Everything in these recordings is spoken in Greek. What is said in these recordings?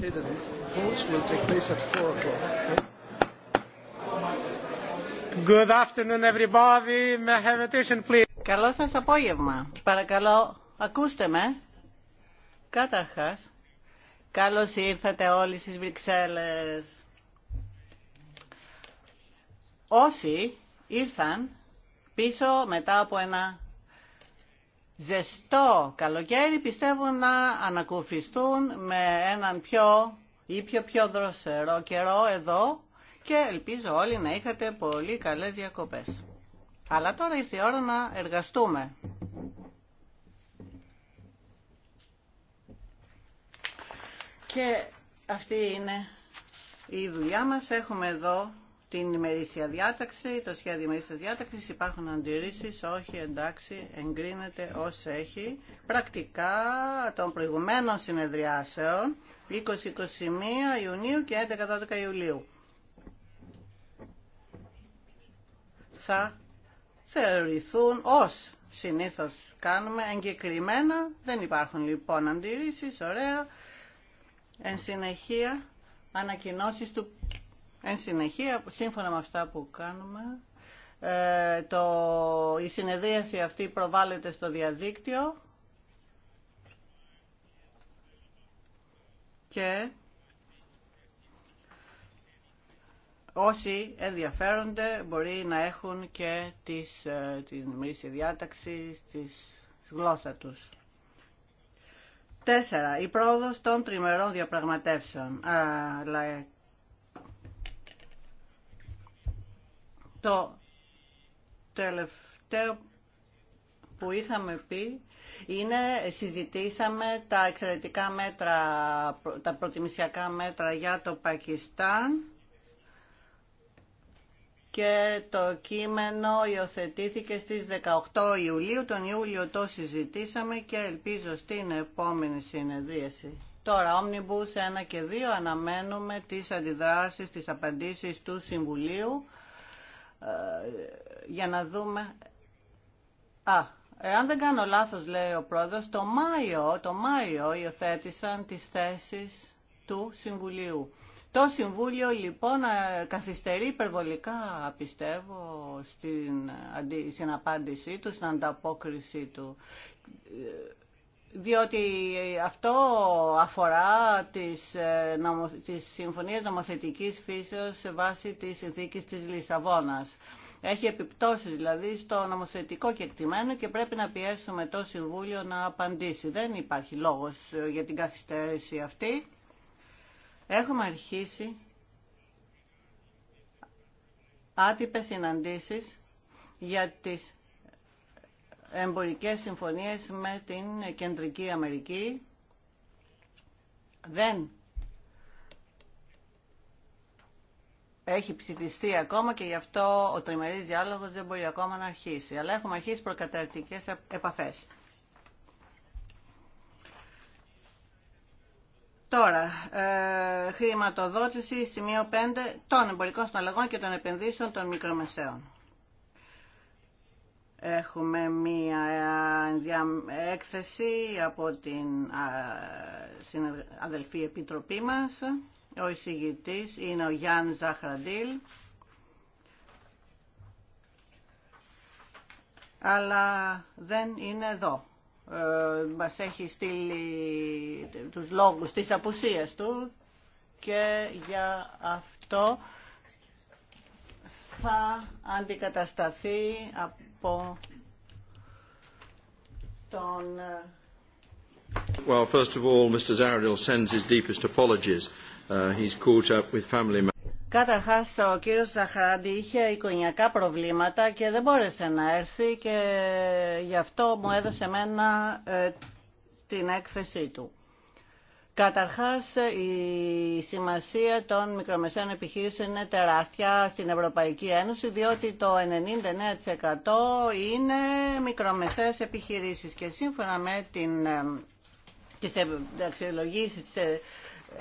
say that the votes will take place at 4 o'clock. Good afternoon everybody. May I have attention please. Καλό σας απόγευμα. Παρακαλώ, ακούστε με. Καταρχάς, καλώς ήρθατε όλοι στις Βρυξέλλες. Όσοι ήρθαν πίσω μετά από ένα ζεστό καλοκαίρι πιστεύω να ανακουφιστούν με έναν πιο ή πιο πιο δροσερό καιρό εδώ και ελπίζω όλοι να είχατε πολύ καλές διακοπές. Αλλά τώρα ήρθε η ώρα να εργαστούμε. Και αυτή είναι η δουλειά μας. Έχουμε εδώ την ημερήσια διάταξη, το σχέδιο ημερήσια διάταξη. Υπάρχουν αντιρρήσει, όχι, εντάξει, εγκρίνεται ω έχει. Πρακτικά των προηγουμένων συνεδριάσεων 20-21 Ιουνίου και 11-12 Ιουλίου. Θα θεωρηθούν ω συνήθω κάνουμε εγκεκριμένα, δεν υπάρχουν λοιπόν αντιρρήσεις, ωραία. Εν συνεχεία, ανακοινώσει του Εν συνεχεία, σύμφωνα με αυτά που κάνουμε, ε, το, η συνεδρίαση αυτή προβάλλεται στο διαδίκτυο και όσοι ενδιαφέρονται μπορεί να έχουν και τις, ε, την μίση διάταξη της γλώσσα τους. Τέσσερα, Η πρόοδος των τριμερών διαπραγματεύσεων. Το τελευταίο που είχαμε πει είναι, συζητήσαμε τα εξαιρετικά μέτρα, τα προτιμησιακά μέτρα για το Πακιστάν και το κείμενο υιοθετήθηκε στις 18 Ιουλίου. Τον Ιούλιο το συζητήσαμε και ελπίζω στην επόμενη συνεδρίαση. Τώρα, Omnibus 1 και 2 αναμένουμε τις αντιδράσεις, τις απαντήσεις του Συμβουλίου. Ε, για να δούμε... Α, εάν δεν κάνω λάθος, λέει ο πρόεδρος, το Μάιο, το Μάιο υιοθέτησαν τις θέσεις του Συμβουλίου. Το Συμβούλιο λοιπόν ε, καθυστερεί υπερβολικά, πιστεύω, στην, ε, στην απάντησή του, στην ανταπόκρισή του διότι αυτό αφορά τις, ε, νομο, τις συμφωνίες νομοθετικής φύσεως σε βάση της συνθήκης της Λισαβόνας. Έχει επιπτώσεις δηλαδή στο νομοθετικό κεκτημένο και πρέπει να πιέσουμε το Συμβούλιο να απαντήσει. Δεν υπάρχει λόγος ε, για την καθυστέρηση αυτή. Έχουμε αρχίσει άτυπες συναντήσεις για τις εμπορικές συμφωνίες με την Κεντρική Αμερική. Δεν έχει ψηφιστεί ακόμα και γι' αυτό ο τριμερής διάλογος δεν μπορεί ακόμα να αρχίσει. Αλλά έχουμε αρχίσει προκαταρκτικές επαφές. Τώρα, ε, χρηματοδότηση, σημείο 5, των εμπορικών συναλλαγών και των επενδύσεων των μικρομεσαίων. Έχουμε μία έκθεση από την αδελφή επιτροπή μας. Ο εισηγητής είναι ο Γιάννη Ζαχραντήλ. Αλλά δεν είναι εδώ. Ε, μας έχει στείλει τους λόγους της απουσίας του και για αυτό θα αντικατασταθεί από τον ε, Well, first of all, Mr. Zaradil sends his deepest apologies. Uh, he's caught up with family Καταρχάς ο κύριος Ζαχράντη είχε εικονιακά προβλήματα και δεν μπόρεσε να έρθει και γι' αυτό μου έδωσε μένα ε, την έκθεσή του. Καταρχάς, η σημασία των μικρομεσαίων επιχείρησεων είναι τεράστια στην Ευρωπαϊκή Ένωση, διότι το 99% είναι μικρομεσαίες επιχειρήσεις και σύμφωνα με την, τις αξιολογήσεις της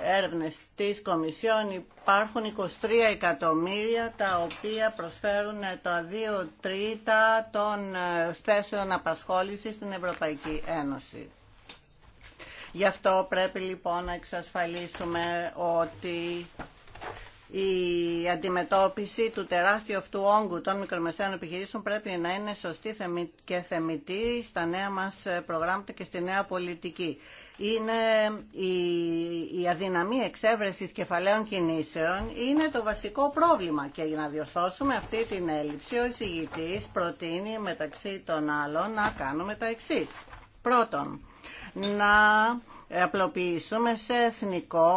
έρευνες της Κομισιόν υπάρχουν 23 εκατομμύρια τα οποία προσφέρουν τα 2 τρίτα των ε, θέσεων απασχόλησης στην Ευρωπαϊκή Ένωση. Γι' αυτό πρέπει λοιπόν να εξασφαλίσουμε ότι η αντιμετώπιση του τεράστιου αυτού όγκου των μικρομεσαίων επιχειρήσεων πρέπει να είναι σωστή και θεμητή στα νέα μας προγράμματα και στη νέα πολιτική. Είναι η, η αδυναμία εξέβρεσης κεφαλαίων κινήσεων είναι το βασικό πρόβλημα και για να διορθώσουμε αυτή την έλλειψη ο εισηγητής προτείνει μεταξύ των άλλων να κάνουμε τα εξής. Πρώτον, να απλοποιήσουμε σε εθνικό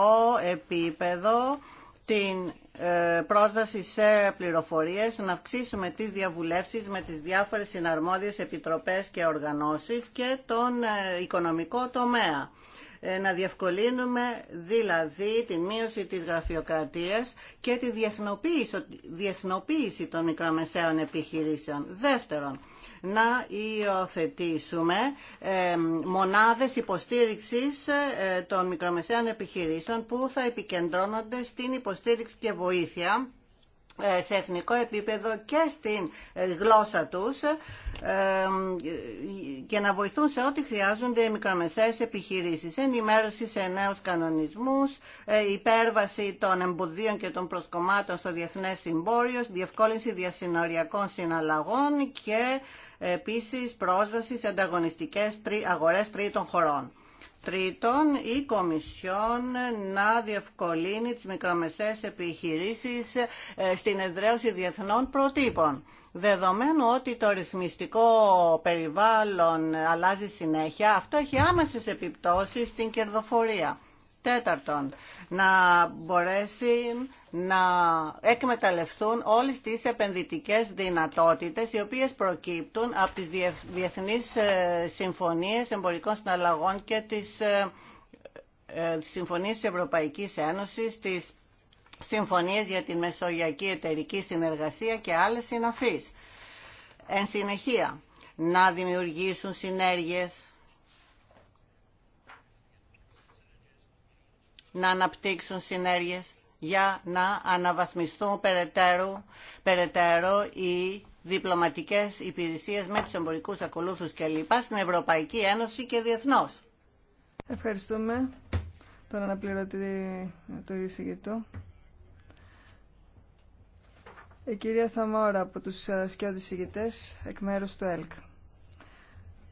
επίπεδο την ε, πρόσβαση σε πληροφορίες, να αυξήσουμε τις διαβουλεύσεις με τις διάφορες συναρμόδιες επιτροπές και οργανώσεις και τον ε, οικονομικό τομέα. Ε, να διευκολύνουμε δηλαδή την μείωση της γραφειοκρατίας και τη διεθνοποίηση των μικρομεσαίων επιχειρήσεων. Δεύτερον, να υιοθετήσουμε μονάδες υποστήριξης ε, των μικρομεσαίων επιχειρήσεων που θα επικεντρώνονται στην υποστήριξη και βοήθεια ε, σε εθνικό επίπεδο και στην ε, γλώσσα τους και ε, να βοηθούν σε ό,τι χρειάζονται οι μικρομεσαίες επιχειρήσεις. Ενημέρωση σε νέους κανονισμούς, υπέρβαση των εμποδίων και των προσκομμάτων στο διεθνές συμπόριο, διευκόλυνση διασυνοριακών συναλλαγών και επίσης πρόσβαση σε ανταγωνιστικές αγορές τρίτων χωρών. Τρίτον, η Κομισιόν να διευκολύνει τις μικρομεσαίες επιχειρήσεις ε, στην εδραίωση διεθνών προτύπων. Δεδομένου ότι το ρυθμιστικό περιβάλλον αλλάζει συνέχεια, αυτό έχει άμεσες επιπτώσεις στην κερδοφορία. Τέταρτον, να μπορέσει να εκμεταλλευτούν όλες τις επενδυτικές δυνατότητες οι οποίες προκύπτουν από τις διεθνείς ε, συμφωνίες εμπορικών συναλλαγών και τις ε, ε, συμφωνίες της Ευρωπαϊκής Ένωσης, τις συμφωνίες για την μεσογειακή εταιρική συνεργασία και άλλες συναφείς. Εν συνεχεία, να δημιουργήσουν συνέργειες να αναπτύξουν συνέργειες για να αναβαθμιστούν περαιτέρω, περαιτέρω οι διπλωματικές υπηρεσίες με τους εμπορικούς ακολούθους λοιπά στην Ευρωπαϊκή Ένωση και διεθνώς. Ευχαριστούμε τον αναπληρωτή του εισηγητού. Η κυρία Θαμόρα από τους ε, σκιώδη ηγητές εκ μέρους του ΕΛΚ.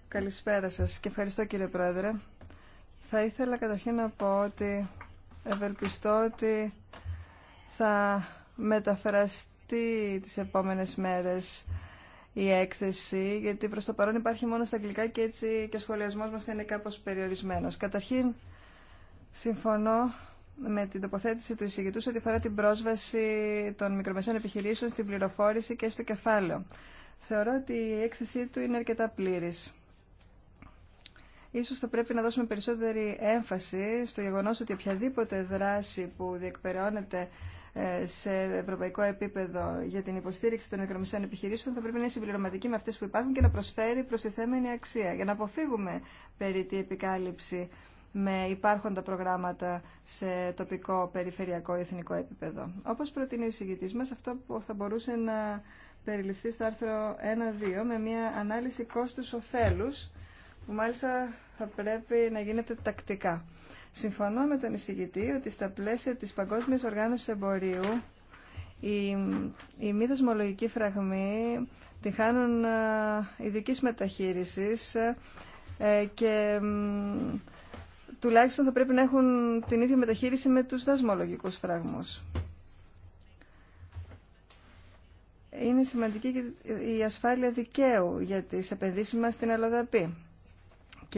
Καλησπέρα σας και ευχαριστώ κύριε Πρόεδρε. Θα ήθελα καταρχήν να πω ότι Ευελπιστώ ότι θα μεταφραστεί τις επόμενες μέρες η έκθεση, γιατί προς το παρόν υπάρχει μόνο στα αγγλικά και έτσι και ο σχολιασμός μας θα είναι κάπως περιορισμένος. Καταρχήν, συμφωνώ με την τοποθέτηση του εισηγητού ό,τι αφορά την πρόσβαση των μικρομεσαίων επιχειρήσεων στην πληροφόρηση και στο κεφάλαιο. Θεωρώ ότι η έκθεσή του είναι αρκετά πλήρης. Ίσως θα πρέπει να δώσουμε περισσότερη έμφαση στο γεγονός ότι οποιαδήποτε δράση που διεκπεραιώνεται ε, σε ευρωπαϊκό επίπεδο για την υποστήριξη των μικρομεσαίων επιχειρήσεων θα πρέπει να είναι συμπληρωματική με αυτές που υπάρχουν και να προσφέρει προστιθέμενη αξία για να αποφύγουμε περί τη επικάλυψη με υπάρχοντα προγράμματα σε τοπικό, περιφερειακό εθνικό επίπεδο. Όπως προτείνει ο συγγητής μας, αυτό που θα μπορούσε να περιληφθεί στο άρθρο 1-2 με μια ανάλυση κόστους-οφέλους που μάλιστα θα πρέπει να γίνεται τακτικά. Συμφωνώ με τον εισηγητή ότι στα πλαίσια της Παγκόσμιας Οργάνωσης Εμπορίου οι, η μη δεσμολογικοί φραγμοί τη χάνουν μεταχείριση μεταχείρισης ε, και τουλάχιστον θα πρέπει να έχουν την ίδια μεταχείριση με τους δασμολογικούς φραγμούς. Είναι σημαντική η ασφάλεια δικαίου για τις επενδύσεις μας στην Αλλοδαπή.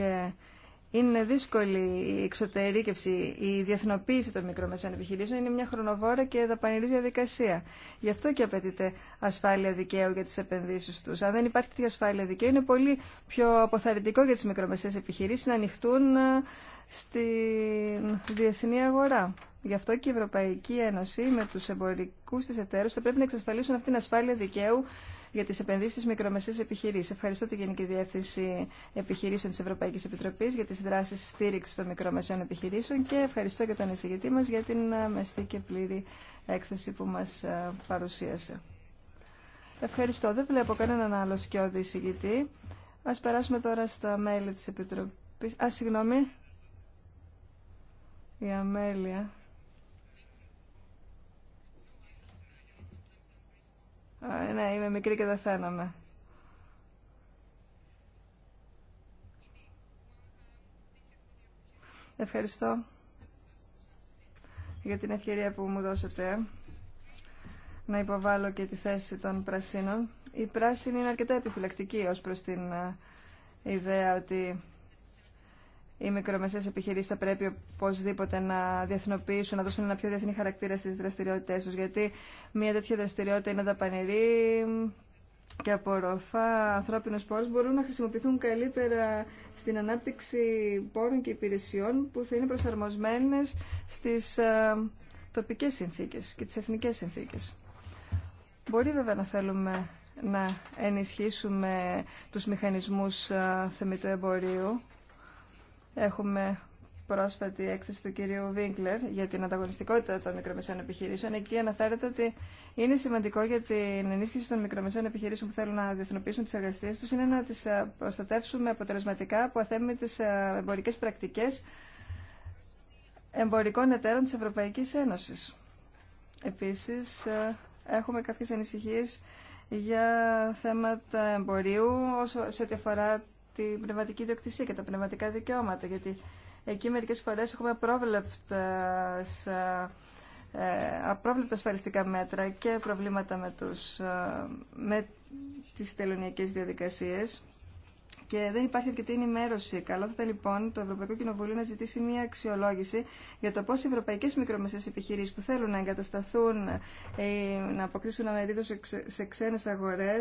Και είναι δύσκολη η εξωτερήκευση, η διεθνοποίηση των μικρομεσαίων επιχειρήσεων είναι μια χρονοβόρα και δαπανηρή διαδικασία. Γι' αυτό και απαιτείται ασφάλεια δικαίου για τι επενδύσει του. Αν δεν υπάρχει τέτοια ασφάλεια δικαίου, είναι πολύ πιο αποθαρρυντικό για τι μικρομεσαίες επιχειρήσει να ανοιχτούν ε, στη διεθνή αγορά. Γι' αυτό και η Ευρωπαϊκή Ένωση με του εμπορικού τη εταίρου θα πρέπει να εξασφαλίσουν αυτήν την ασφάλεια δικαίου για τι επενδύσει της μικρομεσαίας επιχειρήσης. Ευχαριστώ τη Γενική Διεύθυνση Επιχειρήσεων τη Ευρωπαϊκή Επιτροπή για τις δράσεις στήριξη των μικρομεσαίων επιχειρήσεων και ευχαριστώ και τον εισηγητή μα για την μεστή και πλήρη έκθεση που μα παρουσίασε. Ευχαριστώ. Δεν βλέπω κανέναν άλλο σκιώδη εισηγητή. Α περάσουμε τώρα στα μέλη τη Επιτροπή. Α, συγγνώμη. Η Αμέλεια. Α, ναι, είμαι μικρή και δεν Ευχαριστώ για την ευκαιρία που μου δώσετε να υποβάλω και τη θέση των πρασίνων. Η πράσινη είναι αρκετά επιφυλακτική ως προς την ε, ιδέα ότι οι μικρομεσαίε επιχειρήσει θα πρέπει οπωσδήποτε να διεθνοποιήσουν, να δώσουν ένα πιο διεθνή χαρακτήρα στι δραστηριότητε του, γιατί μια τέτοια δραστηριότητα είναι δαπανηρή και απορροφά ανθρώπινου πόρου μπορούν να χρησιμοποιηθούν καλύτερα στην ανάπτυξη πόρων και υπηρεσιών που θα είναι προσαρμοσμένε στι ε, τοπικέ συνθήκε και τι εθνικέ συνθήκε. Μπορεί βέβαια να θέλουμε να ενισχύσουμε τους μηχανισμούς ε, θεμητού Έχουμε πρόσφατη έκθεση του κυρίου Βίγκλερ για την ανταγωνιστικότητα των μικρομεσαίων επιχειρήσεων. Εκεί αναφέρεται ότι είναι σημαντικό για την ενίσχυση των μικρομεσαίων επιχειρήσεων που θέλουν να διεθνοποιήσουν τι εργασίε του είναι να τι ε, προστατεύσουμε αποτελεσματικά από αθέμητε εμπορικέ πρακτικέ εμπορικών εταίρων τη Ευρωπαϊκή Ένωση. Επίση, ε, έχουμε κάποιε ανησυχίε για θέματα εμπορίου σε ό,τι αφορά την πνευματική ιδιοκτησία και τα πνευματικά δικαιώματα, γιατί εκεί μερικές φορές έχουμε ε, ε, απρόβλεπτα ασφαλιστικά μέτρα και προβλήματα με, τους, ε, με τις τελωνιακές διαδικασίες και δεν υπάρχει αρκετή ενημέρωση. Καλό θα ήταν λοιπόν το Ευρωπαϊκό Κοινοβούλιο να ζητήσει μια αξιολόγηση για το πώ οι ευρωπαϊκέ μικρομεσαίε επιχειρήσει που θέλουν να εγκατασταθούν ή να αποκτήσουν αμερίδο σε ξένες αγορέ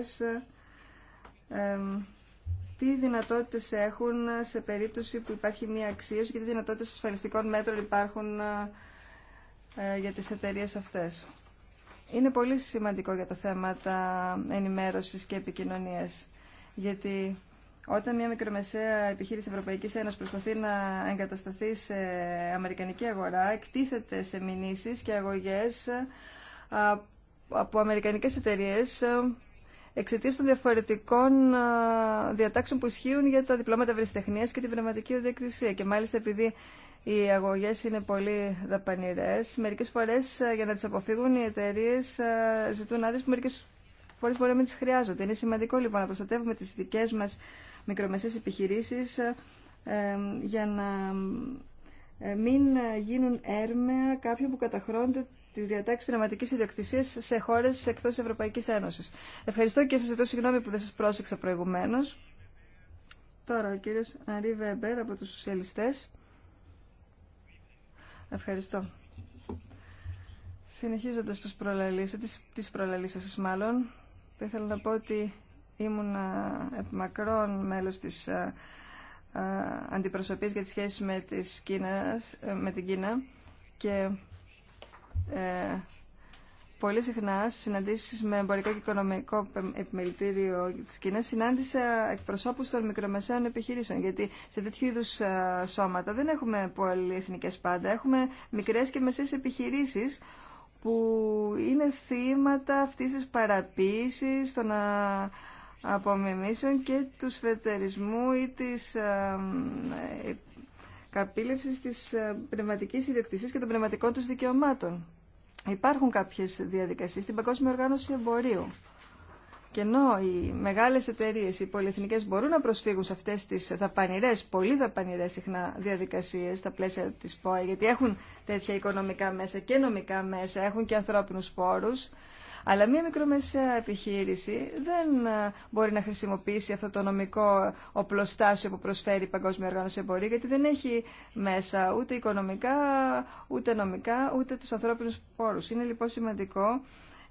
τι δυνατότητε έχουν σε περίπτωση που υπάρχει μία αξίωση και τι δυνατότητε ασφαλιστικών μέτρων υπάρχουν ε, ε, για τις εταιρείε αυτές. Είναι πολύ σημαντικό για τα θέματα ενημέρωσης και επικοινωνία, γιατί όταν μια μικρομεσαία επιχείρηση Ευρωπαϊκής Ένωση προσπαθεί να εγκατασταθεί σε αμερικανική αγορά, εκτίθεται σε μηνύσει και αγωγέ ε, από αμερικανικέ εταιρείε εξαιτία των διαφορετικών διατάξεων που ισχύουν για τα διπλώματα ευρεσιτεχνία και την πνευματική ιδιοκτησία. Και μάλιστα επειδή οι αγωγέ είναι πολύ δαπανηρέ, μερικέ φορέ για να τι αποφύγουν οι εταιρείε ζητούν άδειε που μερικέ φορέ μπορεί να μην τι χρειάζονται. Είναι σημαντικό λοιπόν να προστατεύουμε τι δικέ μα μικρομεσαίε επιχειρήσει για να ε, μην γίνουν έρμεα κάποιοι που καταχρώνται Τη διατάξη πνευματική ιδιοκτησία σε χώρες εκτός Ευρωπαϊκής Ένωσης. Ευχαριστώ και σα ζητώ συγγνώμη που δεν σας πρόσεξα προηγουμένως. Τώρα ο κύριο Αρή Βέμπερ από τους Σοσιαλιστέ. Ευχαριστώ. Συνεχίζοντα τι προλαλήσει, τις, τις μάλλον, θα ήθελα να πω ότι ήμουν μακρόν μέλος της αντιπροσωπής για τις σχέσεις με, με την Κίνα και ε, πολύ συχνά στις συναντήσεις με εμπορικό και οικονομικό επιμελητήριο της Κίνας συνάντησα εκπροσώπους των μικρομεσαίων επιχειρήσεων γιατί σε τέτοιου είδου ε, σώματα δεν έχουμε εθνικές πάντα έχουμε μικρές και μεσαίες επιχειρήσεις που είναι θύματα αυτής της παραποίησης των ε, απομιμήσεων και του σφετερισμού ή της ε, καπήλευσης τη ε, πνευματική ιδιοκτησίας και των πνευματικών τους δικαιωμάτων. Υπάρχουν κάποιες διαδικασίες στην Παγκόσμια Οργάνωση Εμπορίου. Και ενώ οι μεγάλες εταιρείε, οι πολυεθνικές μπορούν να προσφύγουν σε αυτές τις δαπανηρέ, πολύ δαπανηρέ συχνά διαδικασίες στα πλαίσια της ΠΟΕ, γιατί έχουν τέτοια οικονομικά μέσα και νομικά μέσα, έχουν και ανθρώπινου πόρου. Αλλά μια μικρομεσαία επιχείρηση δεν ε, μπορεί να χρησιμοποιήσει αυτό το νομικό οπλοστάσιο που προσφέρει η Παγκόσμια Οργάνωση Εμπορία γιατί δεν έχει μέσα ούτε οικονομικά, ούτε νομικά, ούτε τους ανθρώπινου πόρους. Είναι λοιπόν σημαντικό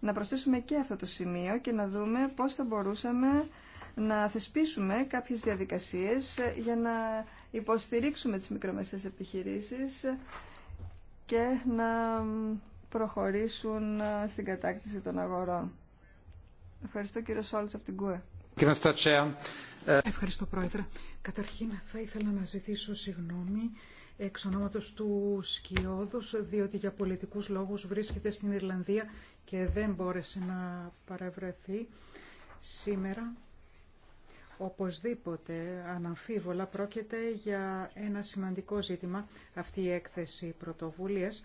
να προσθέσουμε και αυτό το σημείο και να δούμε πώς θα μπορούσαμε να θεσπίσουμε κάποιες διαδικασίες ε, για να υποστηρίξουμε τις μικρομεσαίες επιχειρήσεις και να προχωρήσουν ε, στην κατάκτηση των αγορών. Ευχαριστώ κύριο Σόλτς από την ΚΟΕ. Ε, Ευχαριστώ πρόεδρε. Καταρχήν θα ήθελα να ζητήσω συγγνώμη εξ ονόματος του Σκιώδους, διότι για πολιτικούς λόγους βρίσκεται στην Ιρλανδία και δεν μπόρεσε να παρευρεθεί σήμερα. Οπωσδήποτε, αναμφίβολα, πρόκειται για ένα σημαντικό ζήτημα αυτή η έκθεση πρωτοβουλίας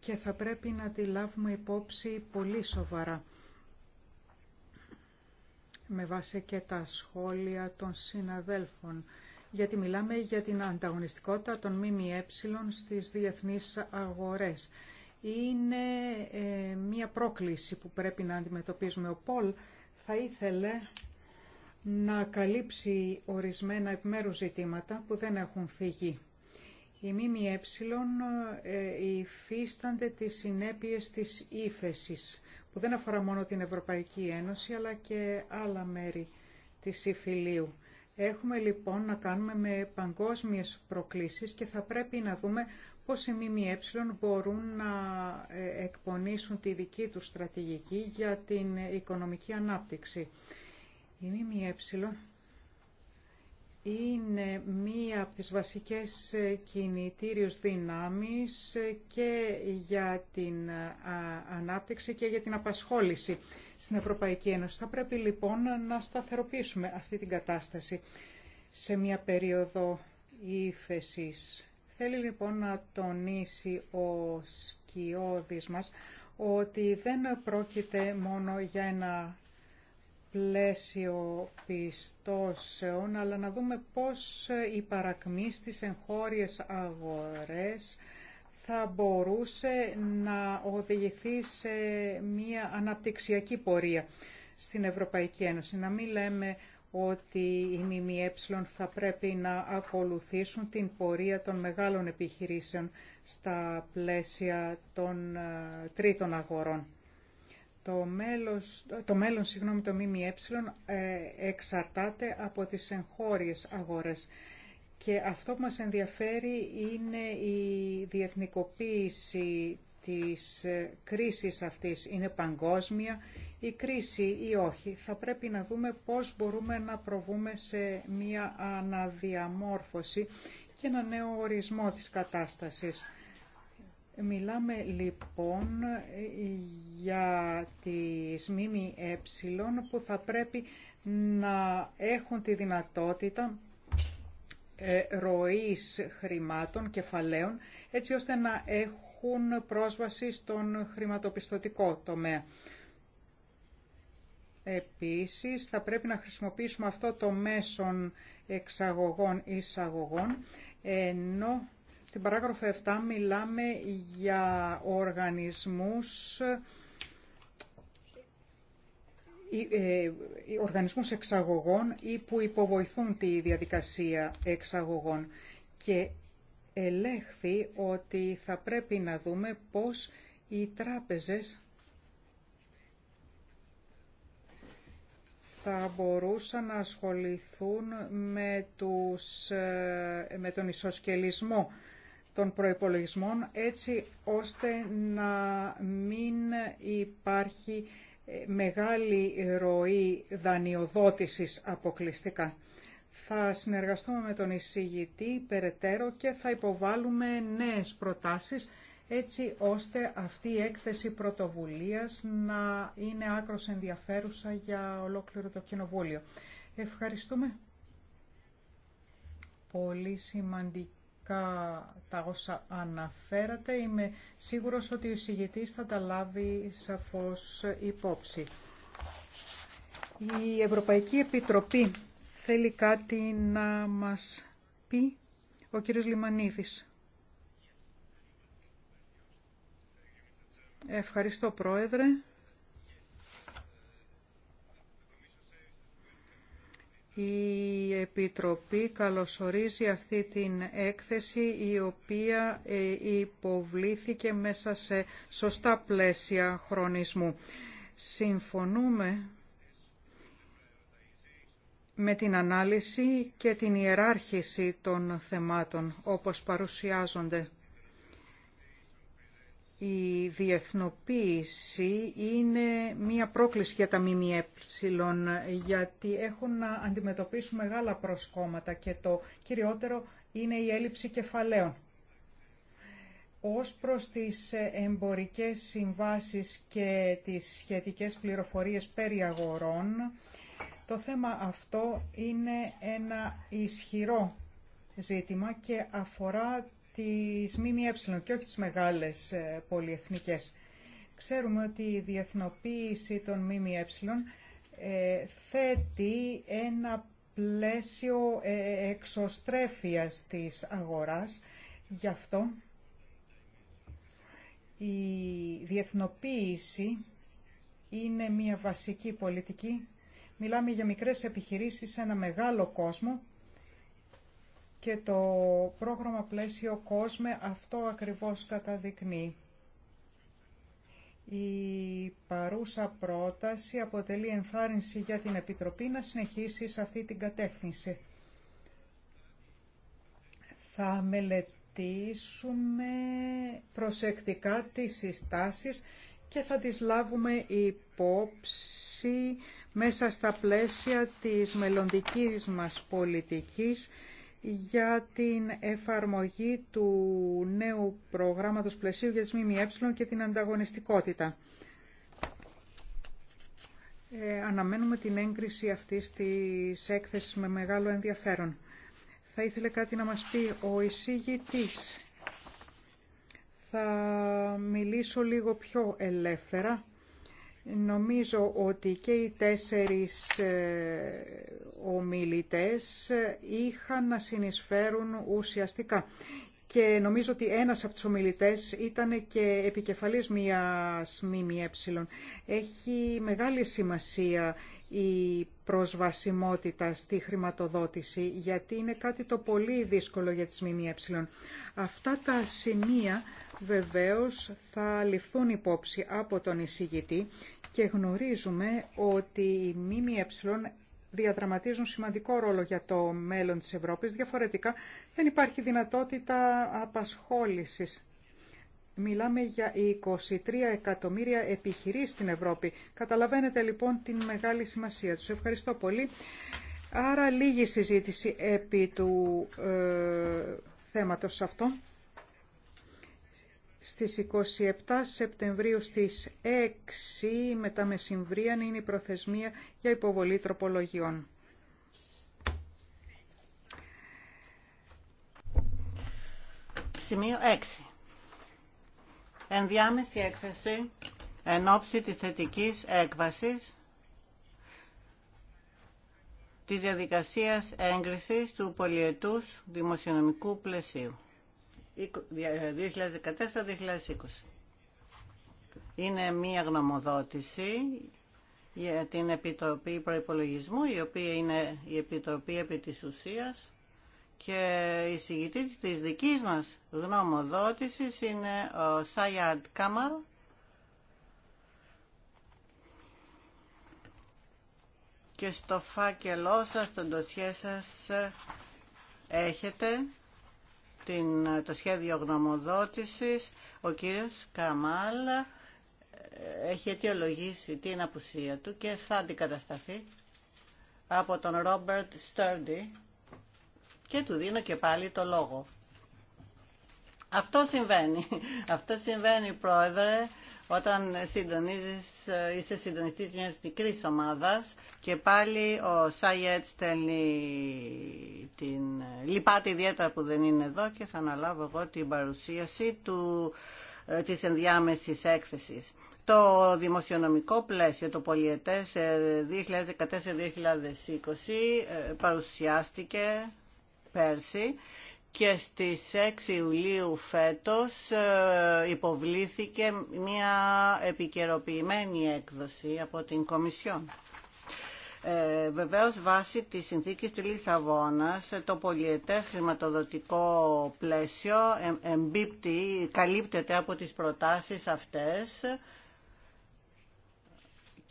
και θα πρέπει να τη λάβουμε υπόψη πολύ σοβαρά με βάση και τα σχόλια των συναδέλφων γιατί μιλάμε για την ανταγωνιστικότητα των ΜΜΕ στις διεθνείς αγορές. Είναι ε, μία πρόκληση που πρέπει να αντιμετωπίζουμε. Ο Πολ θα ήθελε να καλύψει ορισμένα επιμέρους ζητήματα που δεν έχουν φύγει οι ΜΜΕ ε, υφίστανται τις συνέπειες της ύφεσης, που δεν αφορά μόνο την Ευρωπαϊκή Ένωση, αλλά και άλλα μέρη της υφηλίου. Έχουμε λοιπόν να κάνουμε με παγκόσμιες προκλήσεις και θα πρέπει να δούμε πώς οι ΜΜΕ μπορούν να ε, εκπονήσουν τη δική τους στρατηγική για την οικονομική ανάπτυξη. Οι ΜΜΕ είναι μία από τις βασικές ε, κινητήριους δυνάμεις ε, και για την ε, ανάπτυξη και για την απασχόληση στην Ευρωπαϊκή Ένωση. Θα πρέπει λοιπόν να σταθεροποιήσουμε αυτή την κατάσταση σε μία περίοδο ύφεσης. Θέλει λοιπόν να τονίσει ο σκιώδης μας ότι δεν πρόκειται μόνο για ένα πλαίσιο πιστώσεων, αλλά να δούμε πώς η παρακμή στις εγχώριες αγορές θα μπορούσε να οδηγηθεί σε μια αναπτυξιακή πορεία στην Ευρωπαϊκή Ένωση. Να μην λέμε ότι οι ΜΜΕ θα πρέπει να ακολουθήσουν την πορεία των μεγάλων επιχειρήσεων στα πλαίσια των ε, τρίτων αγορών. Το, μέλος, το μέλλον συγγνώμη, το ΜΜΕ ε, εξαρτάται από τις εγχώριες αγορές. Και αυτό που μας ενδιαφέρει είναι η διεθνικοποίηση της ε, κρίσης αυτής. Είναι παγκόσμια η κρίση ή όχι. Θα πρέπει να δούμε πώς μπορούμε να προβούμε σε μία αναδιαμόρφωση και ένα νέο ορισμό της κατάστασης. Μιλάμε λοιπόν για τις ΜΜΕ που θα πρέπει να έχουν τη δυνατότητα ε, ροής χρημάτων, κεφαλαίων, έτσι ώστε να έχουν πρόσβαση στον χρηματοπιστωτικό τομέα. Επίσης, θα πρέπει να χρησιμοποιήσουμε αυτό το μέσον εξαγωγών-εισαγωγών, ενώ στην παράγραφο 7 μιλάμε για οργανισμούς ε, ε, οργανισμούς εξαγωγών ή που υποβοηθούν τη διαδικασία εξαγωγών και ελέγχθη ότι θα πρέπει να δούμε πώς οι τράπεζες θα μπορούσαν να ασχοληθούν με, τους, ε, με τον ισοσκελισμό των προϋπολογισμών έτσι ώστε να μην υπάρχει ε, μεγάλη ροή δανειοδότησης αποκλειστικά. Θα συνεργαστούμε με τον εισηγητή περαιτέρω και θα υποβάλουμε νέες προτάσεις έτσι ώστε αυτή η έκθεση πρωτοβουλίας να είναι άκρος ενδιαφέρουσα για ολόκληρο το Κοινοβούλιο. Ευχαριστούμε. Πολύ σημαντική τα όσα αναφέρατε. Είμαι σίγουρος ότι ο συγγετής θα τα λάβει σαφώς υπόψη. Η Ευρωπαϊκή Επιτροπή θέλει κάτι να μας πει ο κύριος Λιμανίδης. Ευχαριστώ Πρόεδρε. Η Επιτροπή καλωσορίζει αυτή την έκθεση η οποία ε, υποβλήθηκε μέσα σε σωστά πλαίσια χρονισμού. Συμφωνούμε με την ανάλυση και την ιεράρχηση των θεμάτων όπως παρουσιάζονται η διεθνοποίηση είναι μία πρόκληση για τα ΜΜΕ, γιατί έχουν να αντιμετωπίσουν μεγάλα προσκόμματα και το κυριότερο είναι η έλλειψη κεφαλαίων. Ως προς τις εμπορικές συμβάσεις και τις σχετικές πληροφορίες περί αγορών, το θέμα αυτό είναι ένα ισχυρό ζήτημα και αφορά της ΜΜΕ και όχι τις μεγάλες ε, πολυεθνικές. Ξέρουμε ότι η διεθνοποίηση των ΜΜΕ ε, θέτει ένα πλαίσιο ε, εξωστρέφειας της αγοράς. Γι' αυτό η διεθνοποίηση είναι μια βασική πολιτική. Μιλάμε για μικρές επιχειρήσεις σε ένα μεγάλο κόσμο και το πρόγραμμα πλαίσιο κόσμε αυτό ακριβώς καταδεικνύει. Η παρούσα πρόταση αποτελεί ενθάρρυνση για την Επιτροπή να συνεχίσει σε αυτή την κατεύθυνση. Θα μελετήσουμε προσεκτικά τις συστάσεις και θα τις λάβουμε υπόψη μέσα στα πλαίσια της μελλοντικής μας πολιτικής για την εφαρμογή του νέου προγράμματος πλαισίου για τις ΜΜΕ και την ανταγωνιστικότητα. Ε, αναμένουμε την έγκριση αυτή της έκθεση με μεγάλο ενδιαφέρον. Θα ήθελε κάτι να μας πει ο εισήγητής. Θα μιλήσω λίγο πιο ελεύθερα Νομίζω ότι και οι τέσσερις ε, ομιλητές είχαν να συνεισφέρουν ουσιαστικά. Και νομίζω ότι ένας από τους ομιλητές ήταν και επικεφαλής μιας ΜΜΕ. Έχει μεγάλη σημασία η προσβασιμότητα στη χρηματοδότηση, γιατί είναι κάτι το πολύ δύσκολο για τις ΜΜΕ. Αυτά τα σημεία βεβαίως θα ληφθούν υπόψη από τον εισηγητή και γνωρίζουμε ότι οι ΜΜΕ διαδραματίζουν σημαντικό ρόλο για το μέλλον της Ευρώπης. Διαφορετικά δεν υπάρχει δυνατότητα απασχόλησης Μιλάμε για 23 εκατομμύρια επιχειρήσεις στην Ευρώπη. Καταλαβαίνετε λοιπόν την μεγάλη σημασία τους. Ευχαριστώ πολύ. Άρα λίγη συζήτηση επί του ε, θέματος αυτό. Στις 27 Σεπτεμβρίου στις 6 μετά μεσημβρίαν είναι η προθεσμία για υποβολή τροπολογιών. Σημείο 6 ενδιάμεση έκθεση εν ώψη της θετικής έκβασης της διαδικασίας έγκρισης του πολιετούς δημοσιονομικού πλαισίου 2014-2020. Είναι μία γνωμοδότηση για την Επιτροπή Προϋπολογισμού, η οποία είναι η Επιτροπή επί της ουσίας και η συγητή της δικής μας γνωμοδότησης είναι ο Σάιαντ Κάμαρ. Και στο φάκελό σας, στον ντοσιέ σας, έχετε την, το σχέδιο γνωμοδότησης. Ο κύριος Καμάλ ε, έχει αιτιολογήσει την απουσία του και θα αντικατασταθεί από τον Ρόμπερτ Στέρντι, και του δίνω και πάλι το λόγο. Αυτό συμβαίνει. Αυτό συμβαίνει, πρόεδρε, όταν συντονίζεις, είσαι συντονιστής μιας μικρής ομάδας και πάλι ο Σάιετ στέλνει την... λύπάτη ιδιαίτερα που δεν είναι εδώ και θα αναλάβω εγώ την παρουσίαση του, ε, της ενδιάμεσης έκθεσης. Το δημοσιονομικό πλαίσιο, το πολιετές 2014-2020 ε, ε, παρουσιάστηκε πέρσι και στις 6 Ιουλίου φέτος ε, υποβλήθηκε μια επικαιροποιημένη έκδοση από την Κομισιόν. Ε, βεβαίως βάσει της συνθήκης της Λισαβόνας το πολιετές χρηματοδοτικό πλαίσιο ε, εμπίπτει, καλύπτεται από τις προτάσεις αυτές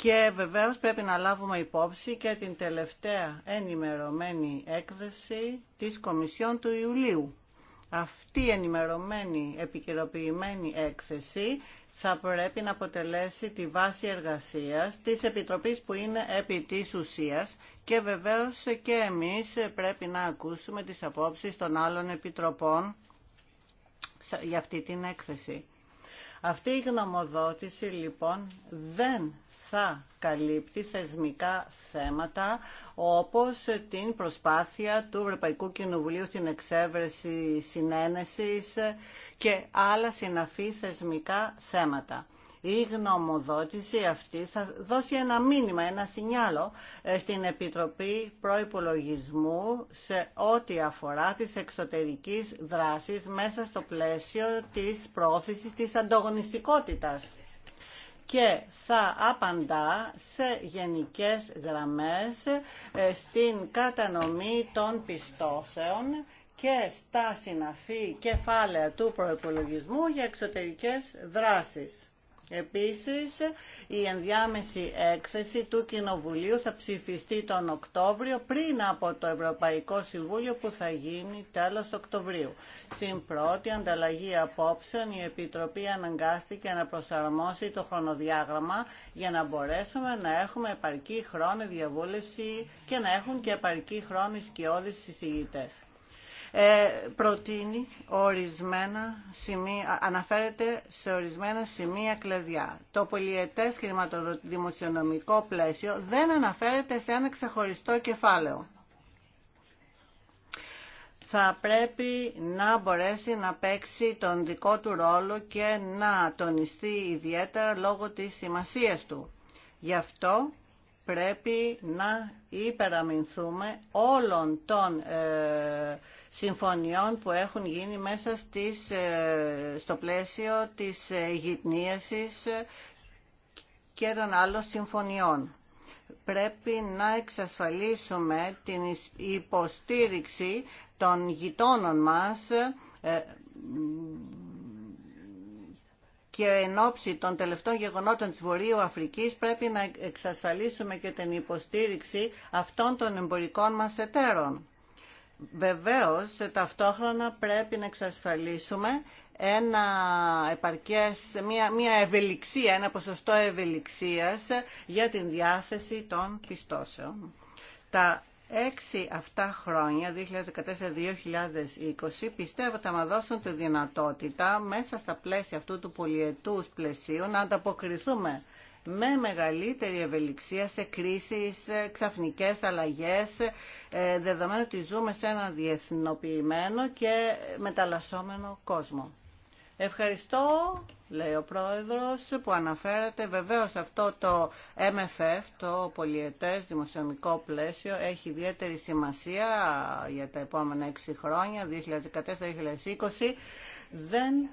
και βεβαίως πρέπει να λάβουμε υπόψη και την τελευταία ενημερωμένη έκθεση της Κομισιόν του Ιουλίου. Αυτή η ενημερωμένη επικαιροποιημένη έκθεση θα πρέπει να αποτελέσει τη βάση εργασίας της Επιτροπής που είναι επί της ουσίας και βεβαίως και εμείς πρέπει να ακούσουμε τις απόψεις των άλλων επιτροπών για αυτή την έκθεση. Αυτή η γνωμοδότηση λοιπόν δεν θα καλύπτει θεσμικά θέματα όπως την προσπάθεια του Ευρωπαϊκού Κοινοβουλίου στην εξέβρεση συνένεσης και άλλα συναφή θεσμικά θέματα. Η γνωμοδότηση αυτή θα δώσει ένα μήνυμα, ένα σινιάλο ε, στην Επιτροπή Προϋπολογισμού σε ό,τι αφορά τις εξωτερικές δράσεις μέσα στο πλαίσιο της πρόθεσης της ανταγωνιστικότητας και θα απαντά σε γενικές γραμμές ε, στην κατανομή των πιστώσεων και στα συναφή κεφάλαια του προϋπολογισμού για εξωτερικές δράσεις. Επίσης, η ενδιάμεση έκθεση του Κοινοβουλίου θα ψηφιστεί τον Οκτώβριο πριν από το Ευρωπαϊκό Συμβούλιο που θα γίνει τέλος Οκτωβρίου. Στην πρώτη ανταλλαγή απόψεων η Επιτροπή αναγκάστηκε να προσαρμόσει το χρονοδιάγραμμα για να μπορέσουμε να έχουμε επαρκή χρόνο διαβούλευση και να έχουν και επαρκή χρόνο οι συζητητές. Ε, προτείνει ορισμένα σημεία, αναφέρεται σε ορισμένα σημεία κλειδιά. Το πολιετές χρηματοδημοσιονομικό πλαίσιο δεν αναφέρεται σε ένα ξεχωριστό κεφάλαιο. Θα πρέπει να μπορέσει να παίξει τον δικό του ρόλο και να τονιστεί ιδιαίτερα λόγω της σημασίας του. Γι' αυτό πρέπει να υπεραμεινθούμε όλων των ε, συμφωνιών που έχουν γίνει μέσα στις, ε, στο πλαίσιο της γυπνίασης και των άλλων συμφωνιών. Πρέπει να εξασφαλίσουμε την υποστήριξη των γειτόνων μας ε, και εν ώψη των τελευταίων γεγονότων της Βορείου Αφρικής πρέπει να εξασφαλίσουμε και την υποστήριξη αυτών των εμπορικών μας εταίρων. Βεβαίως, ταυτόχρονα πρέπει να εξασφαλίσουμε ένα επαρκές, μια, μια ευελιξία, ένα ποσοστό ευελιξίας για την διάθεση των πιστώσεων. Τα έξι αυτά χρόνια, 2014-2020, πιστεύω θα μας δώσουν τη δυνατότητα μέσα στα πλαίσια αυτού του πολιετούς πλαισίου να ανταποκριθούμε με μεγαλύτερη ευελιξία σε κρίσεις, ξαφνικές αλλαγές, ε, δεδομένου ότι ζούμε σε ένα διεθνοποιημένο και μεταλλασσόμενο κόσμο. Ευχαριστώ, λέει ο Πρόεδρος, που αναφέρατε. Βεβαίως αυτό το MFF, το πολιετές δημοσιονομικό πλαίσιο, έχει ιδιαίτερη σημασία για τα επόμενα εξι χρόνια, 2014-2020. Δεν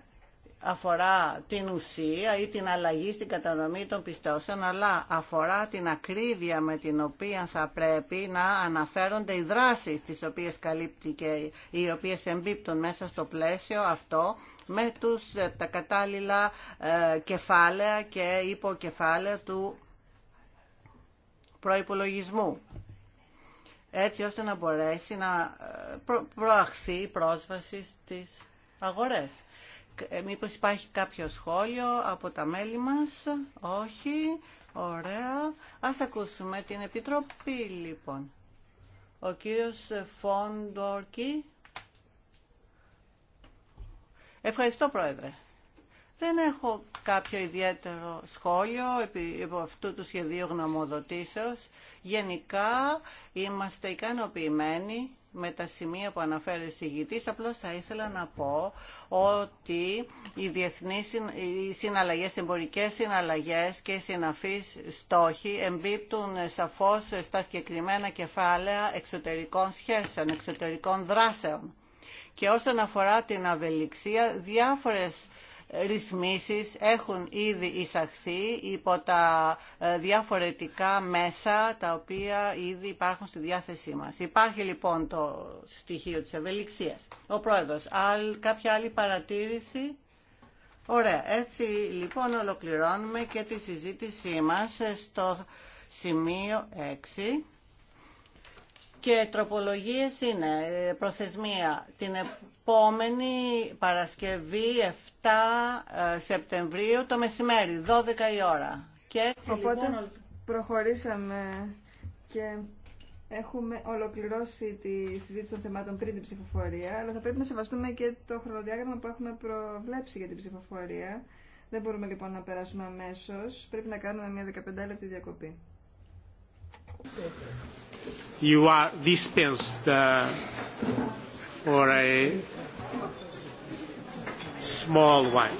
αφορά την ουσία ή την αλλαγή στην κατανομή των πιστώσεων, αλλά αφορά την ακρίβεια με την οποία θα πρέπει να αναφέρονται οι δράσεις τις οποίες καλύπτει και οι οποίες εμπίπτουν μέσα στο πλαίσιο αυτό με τους, ε, τα κατάλληλα ε, κεφάλαια και υποκεφάλαια του προϋπολογισμού έτσι ώστε να μπορέσει να ε, προαχθεί η πρόσβαση στις αγορές. Ε, μήπως υπάρχει κάποιο σχόλιο από τα μέλη μας. Όχι. Ωραία. Ας ακούσουμε την Επιτροπή λοιπόν. Ο κύριος Φόντορκη. Ευχαριστώ Πρόεδρε. Δεν έχω κάποιο ιδιαίτερο σχόλιο επί αυτού του σχεδίου γνωμοδοτήσεως. Γενικά είμαστε ικανοποιημένοι με τα σημεία που αναφέρει η συγγητής. απλώ θα ήθελα να πω ότι οι διεθνεί, οι οι συναλλαγές και οι συναφείς στόχοι εμπίπτουν σαφώ στα συγκεκριμένα κεφάλαια εξωτερικών σχέσεων, εξωτερικών δράσεων. Και όσον αφορά την αβεληξία, διάφορες ρυθμίσεις έχουν ήδη εισαχθεί υπό τα ε, διαφορετικά μέσα τα οποία ήδη υπάρχουν στη διάθεσή μας. Υπάρχει λοιπόν το στοιχείο της ευελιξίας. Ο Πρόεδρος, κάποια άλλη παρατήρηση. Ωραία, έτσι λοιπόν ολοκληρώνουμε και τη συζήτησή μας στο σημείο 6 και τροπολογίες είναι ε, προθεσμία την επόμενη Παρασκευή 7 ε, Σεπτεμβρίου το μεσημέρι, 12 η ώρα. Και Οπότε λοιπόν προχωρήσαμε και έχουμε ολοκληρώσει τη συζήτηση των θεμάτων πριν την ψηφοφορία, αλλά θα πρέπει να σεβαστούμε και το χρονοδιάγραμμα που έχουμε προβλέψει για την ψηφοφορία. Δεν μπορούμε λοιπόν να περάσουμε αμέσω. Πρέπει να κάνουμε μια 15 λεπτή διακοπή. You are dispensed for a small one.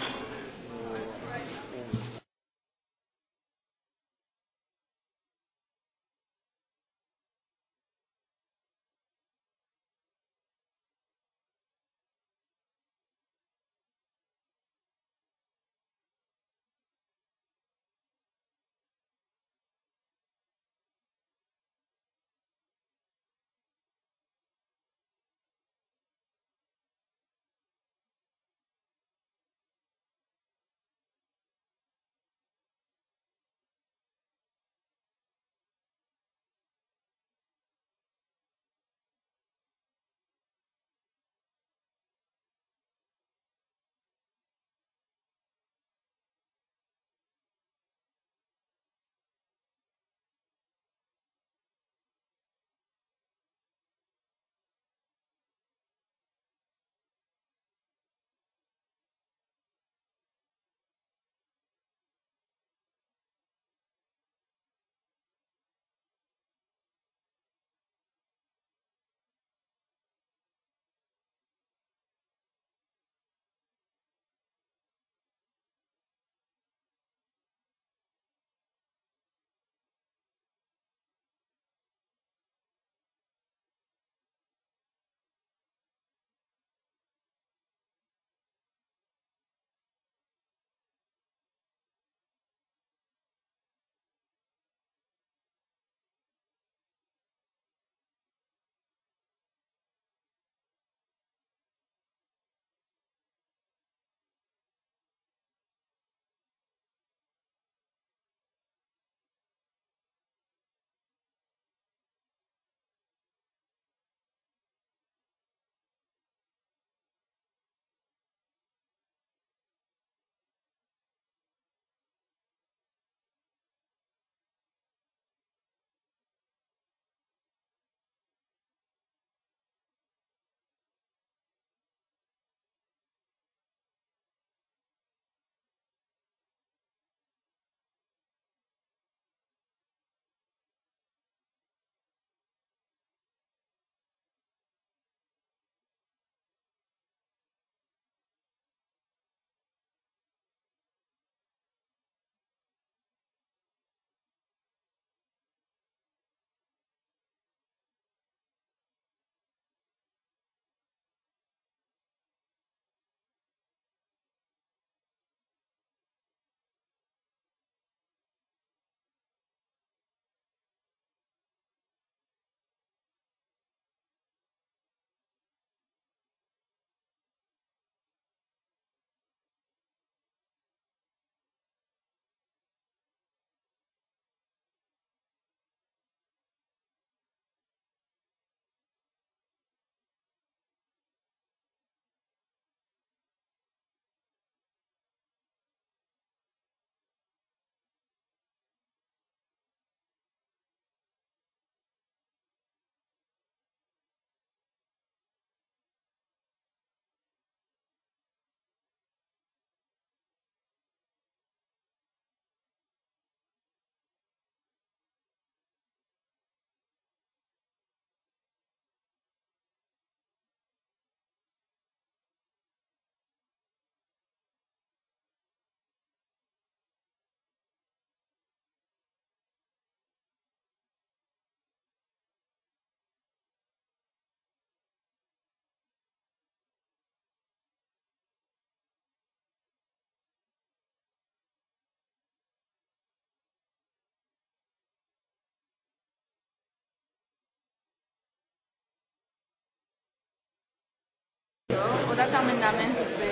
dat amendamentul pe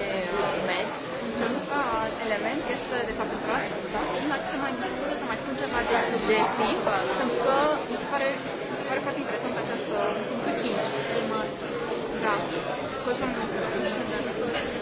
med, pentru că element este de fapt într-o dacă se mai discută, să mai spun ceva de sugestii, pentru că mi se pare, mi se pare foarte interesant această punctul 5. Da. mulțumesc.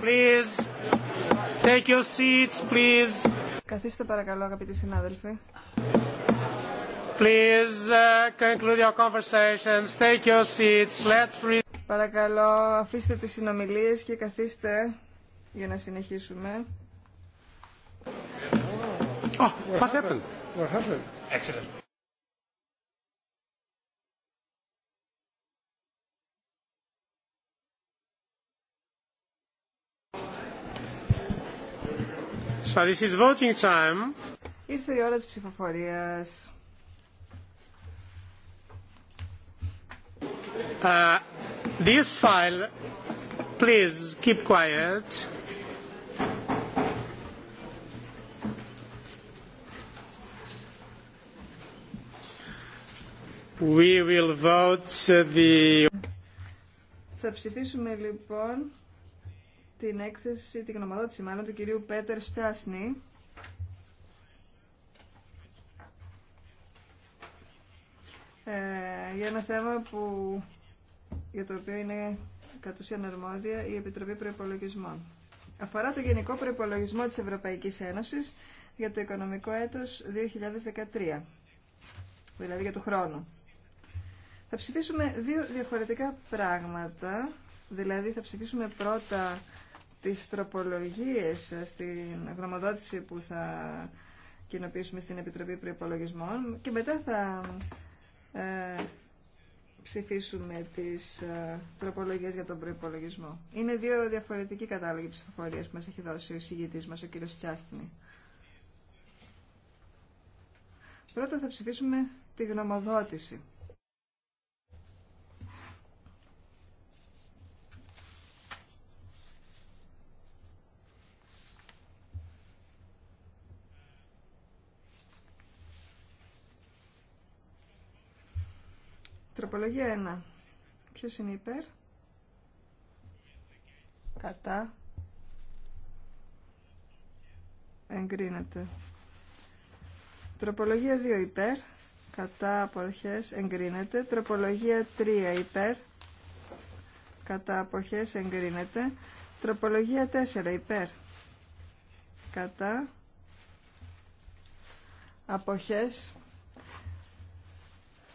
Please. Take your seats, please. Καθίστε παρακαλώ αγαπητοί συνάδελφοι. Please conclude your conversations. Take your seats. Let's free... Παρακαλώ αφήστε τις συνομιλίες και καθίστε για να συνεχίσουμε. Oh, what happened? What happened? Excellent. So this is Ήρθε η ώρα της ψηφοφορίας. Uh, this file, keep quiet. We will vote the... Θα ψηφίσουμε λοιπόν την έκθεση, την γνωμοδότηση μάλλον του κυρίου Πέτερ Στσάσνη ε, για ένα θέμα που, για το οποίο είναι κατ' ουσίαν αρμόδια η Επιτροπή Προϋπολογισμών. Αφορά το Γενικό Προϋπολογισμό της Ευρωπαϊκής Ένωσης για το οικονομικό έτος 2013, δηλαδή για το χρόνο. Θα ψηφίσουμε δύο διαφορετικά πράγματα, δηλαδή θα ψηφίσουμε πρώτα τις τροπολογίες στην γνωμοδότηση που θα κοινοποιήσουμε στην Επιτροπή Προϋπολογισμών και μετά θα ε, ψηφίσουμε τις ε, για τον προϋπολογισμό. Είναι δύο διαφορετικοί κατάλογοι ψηφοφορίας που μας έχει δώσει ο συγγητής μας, ο κύριος Τσάστινη. Πρώτα θα ψηφίσουμε τη γνωμοδότηση. Τροπολογία 1. Ποιος είναι υπέρ? Κατά. Εγκρίνεται. Τροπολογία 2 υπέρ. Κατά αποχές εγκρίνεται. Τροπολογία 3 υπέρ. Κατά αποχές εγκρίνεται. Τροπολογία 4 υπέρ. Κατά αποχές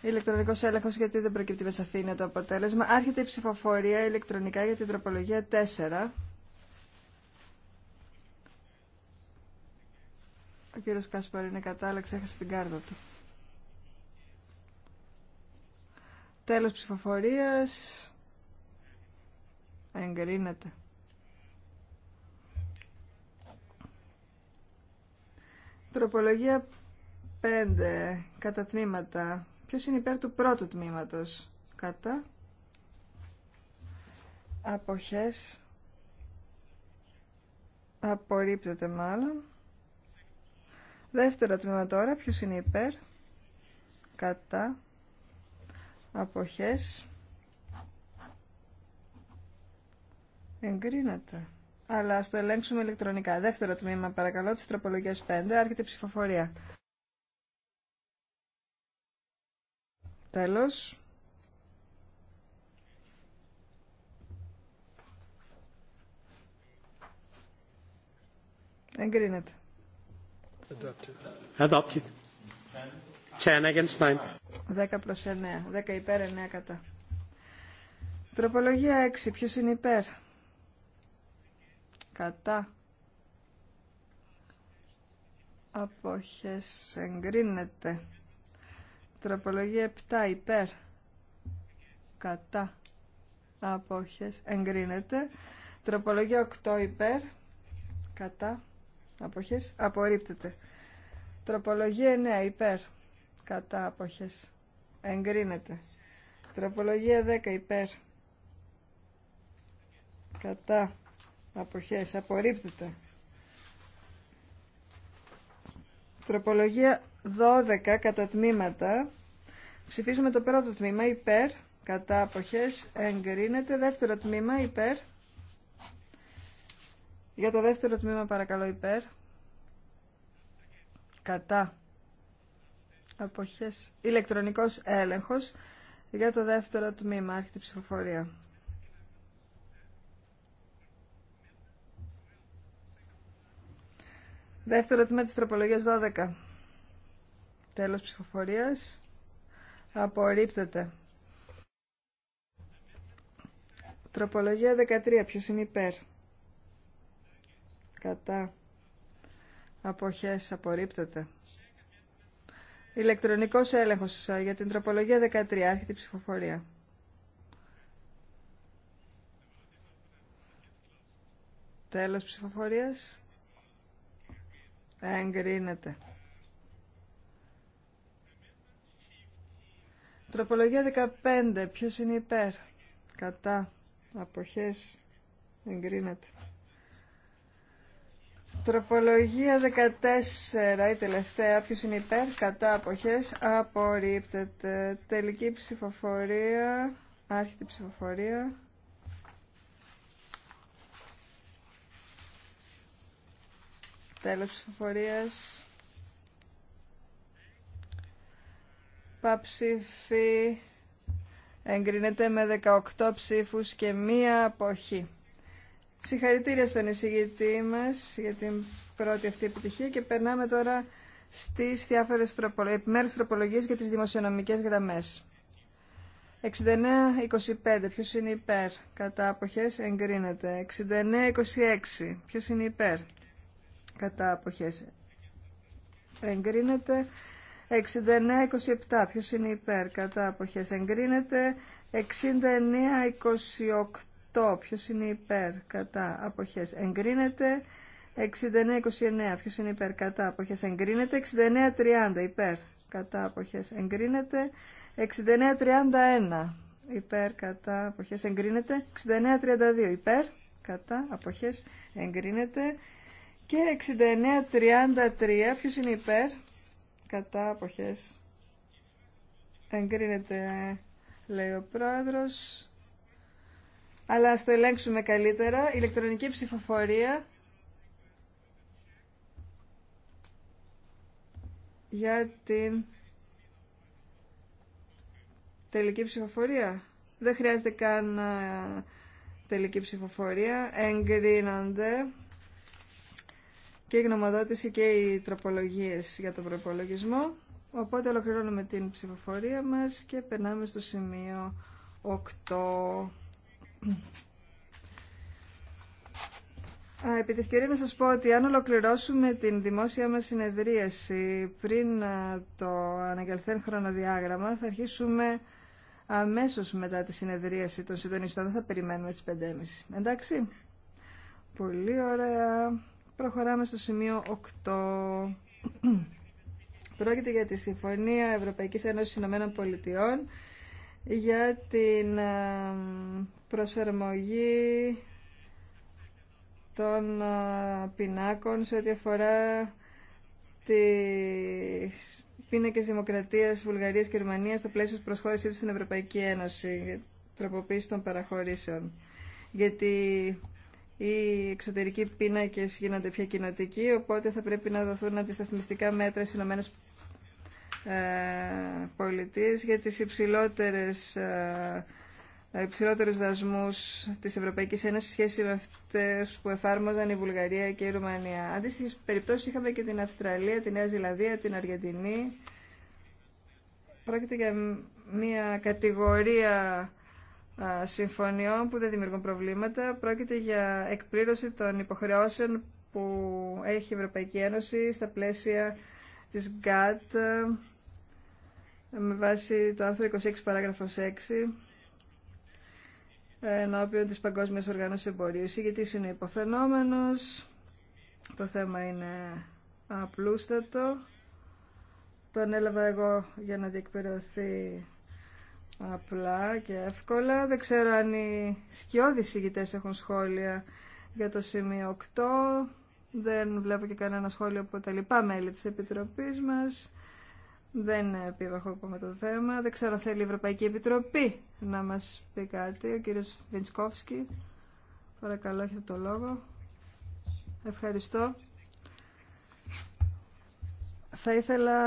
Ηλεκτρονικό έλεγχο, γιατί δεν προκύπτει με το αποτέλεσμα. Άρχεται η ψηφοφορία ηλεκτρονικά για την τροπολογία 4. Ο κύριο Κάσπαρ είναι κατά, αλλά ξέχασε την κάρτα του. Τέλος ψηφοφορίας. Εγκρίνεται. Τροπολογία 5. Κατά τμήματα. Ποιος είναι υπέρ του πρώτου τμήματος. Κατά. Αποχές. Απορρίπτεται μάλλον. Δεύτερο τμήμα τώρα. Ποιος είναι υπέρ. Κατά. Αποχές. Εγκρίνεται. Αλλά ας το ελέγξουμε ηλεκτρονικά. Δεύτερο τμήμα, παρακαλώ, της τροπολογίας 5. Άρχεται η ψηφοφορία. Τέλος. Εγκρίνεται. Adopted. 10 against 9. 10 προς 9. 10 υπέρ, 9 κατά. Τροπολογία έξι. Ποιος είναι υπέρ. Κατά. Απόχες εγκρίνεται. Τροπολογία 7 υπέρ. Κατά. Απόχες. Εγκρίνεται. Τροπολογία 8 υπέρ. Κατά. Απόχες. Απορρίπτεται. Τροπολογία 9 υπέρ. Κατά. Απόχες. Εγκρίνεται. Τροπολογία 10 υπέρ. Κατά. Αποχές. Απορρίπτεται. Τροπολογία 12 κατά τμήματα. Ψηφίζουμε το πρώτο τμήμα υπέρ, κατά αποχές εγκρίνεται. Δεύτερο τμήμα υπέρ. Για το δεύτερο τμήμα παρακαλώ υπέρ. Κατά αποχές ηλεκτρονικός έλεγχος για το δεύτερο τμήμα άρχιτη ψηφοφορία. Δεύτερο τμήμα της τροπολογίας 12. Τέλος ψηφοφορίας. Απορρίπτεται. Τροπολογία 13. Ποιος είναι υπέρ. Κατά. Αποχές. Απορρίπτεται. Ηλεκτρονικός έλεγχος ε, για την τροπολογία 13. Άρχεται η ψηφοφορία. Τέλος ψηφοφορίας. Εγκρίνεται. Τροπολογία 15. Ποιο είναι υπέρ. Κατά. Αποχές. Εγκρίνεται. Τροπολογία 14. Η τελευταία. Ποιο είναι υπέρ. Κατά. Αποχές. Απορρίπτεται. Τελική ψηφοφορία. Άρχιτη ψηφοφορία. Τέλος ψηφοφορίας. Παψήφι εγκρίνεται με 18 ψήφους και μία αποχή. Συγχαρητήρια στον εισηγητή μας για την πρώτη αυτή επιτυχία και περνάμε τώρα στις διάφορες τροπολο... τροπολογίες για τις δημοσιονομικές γραμμές. 69-25, ποιος είναι υπέρ, κατά αποχές εγκρίνεται. 69-26, ποιος είναι υπέρ, κατά αποχές εγκρίνεται. 69-27. Ποιος είναι υπέρ. Κατά αποχές εγκρίνεται. 69-28. Ποιος είναι υπέρ. Κατά αποχές εγκρίνεται. 69-29. Ποιος είναι υπέρ. Κατά αποχές εγκρίνεται. 69-30. Υπέρ. Κατά αποχές εγκρίνεται. 69-31. Υπέρ. Κατά αποχές εγκρίνεται. 69-32. Υπέρ. Κατά αποχές εγκρίνεται. Και 69-33. Ποιος είναι υπέρ κατά αποχές εγκρίνεται λέει ο πρόεδρος αλλά ας το ελέγξουμε καλύτερα ηλεκτρονική ψηφοφορία για την τελική ψηφοφορία δεν χρειάζεται καν ε, τελική ψηφοφορία εγκρίνονται και η γνωμοδότηση και οι τροπολογίες για τον προπολογισμό. Οπότε ολοκληρώνουμε την ψηφοφορία μας και περνάμε στο σημείο 8. Επί τη ευκαιρία να σας πω ότι αν ολοκληρώσουμε την δημόσια μας συνεδρίαση πριν το αναγκαλθέν χρονοδιάγραμμα θα αρχίσουμε αμέσως μετά τη συνεδρίαση των συντονιστών. Δεν θα περιμένουμε τις 5.30. Εντάξει. Πολύ ωραία. Προχωράμε στο σημείο 8. Πρόκειται για τη Συμφωνία Ευρωπαϊκής Ένωσης Ηνωμένων Πολιτειών για την ε, προσαρμογή των ε, πινάκων σε ό,τι αφορά τις πίνακες δημοκρατίας Βουλγαρίας και Ρουμανίας στο πλαίσιο της προσχώρησής του στην Ευρωπαϊκή Ένωση, τροποποίηση των παραχωρήσεων. Γιατί οι εξωτερικοί πίνακε γίνονται πιο κοινοτικοί, οπότε θα πρέπει να δοθούν αντισταθμιστικά μέτρα στι Ηνωμένες ε, Πολιτείες για τις υψηλότερες ε, υψηλότερους δασμούς της Ευρωπαϊκής Ένωσης σχέση με αυτές που εφάρμοζαν η Βουλγαρία και η Ρουμανία. Αντίστοιχε περιπτώσεις είχαμε και την Αυστραλία, τη Νέα Ζηλανδία, την Αργεντινή. Πρόκειται για μια κατηγορία συμφωνιών που δεν δημιουργούν προβλήματα. Πρόκειται για εκπλήρωση των υποχρεώσεων που έχει η Ευρωπαϊκή Ένωση στα πλαίσια της ΓΚΑΤ ε, με βάση το άρθρο 26 παράγραφος 6 ε, ενώπιον της Παγκόσμιας Οργάνωσης Εμπορίου. Γιατί είναι υποφαινόμενος, το θέμα είναι απλούστατο. Το ανέλαβα εγώ για να διεκπαιρεωθεί απλά και εύκολα. Δεν ξέρω αν οι σκιώδεις ηγητές έχουν σχόλια για το σημείο 8. Δεν βλέπω και κανένα σχόλιο από τα λοιπά μέλη της Επιτροπής μας. Δεν επίβαχο με το θέμα. Δεν ξέρω θέλει η Ευρωπαϊκή Επιτροπή να μας πει κάτι. Ο κύριος Βιντσκόφσκι, παρακαλώ έχετε το λόγο. Ευχαριστώ. Θα ήθελα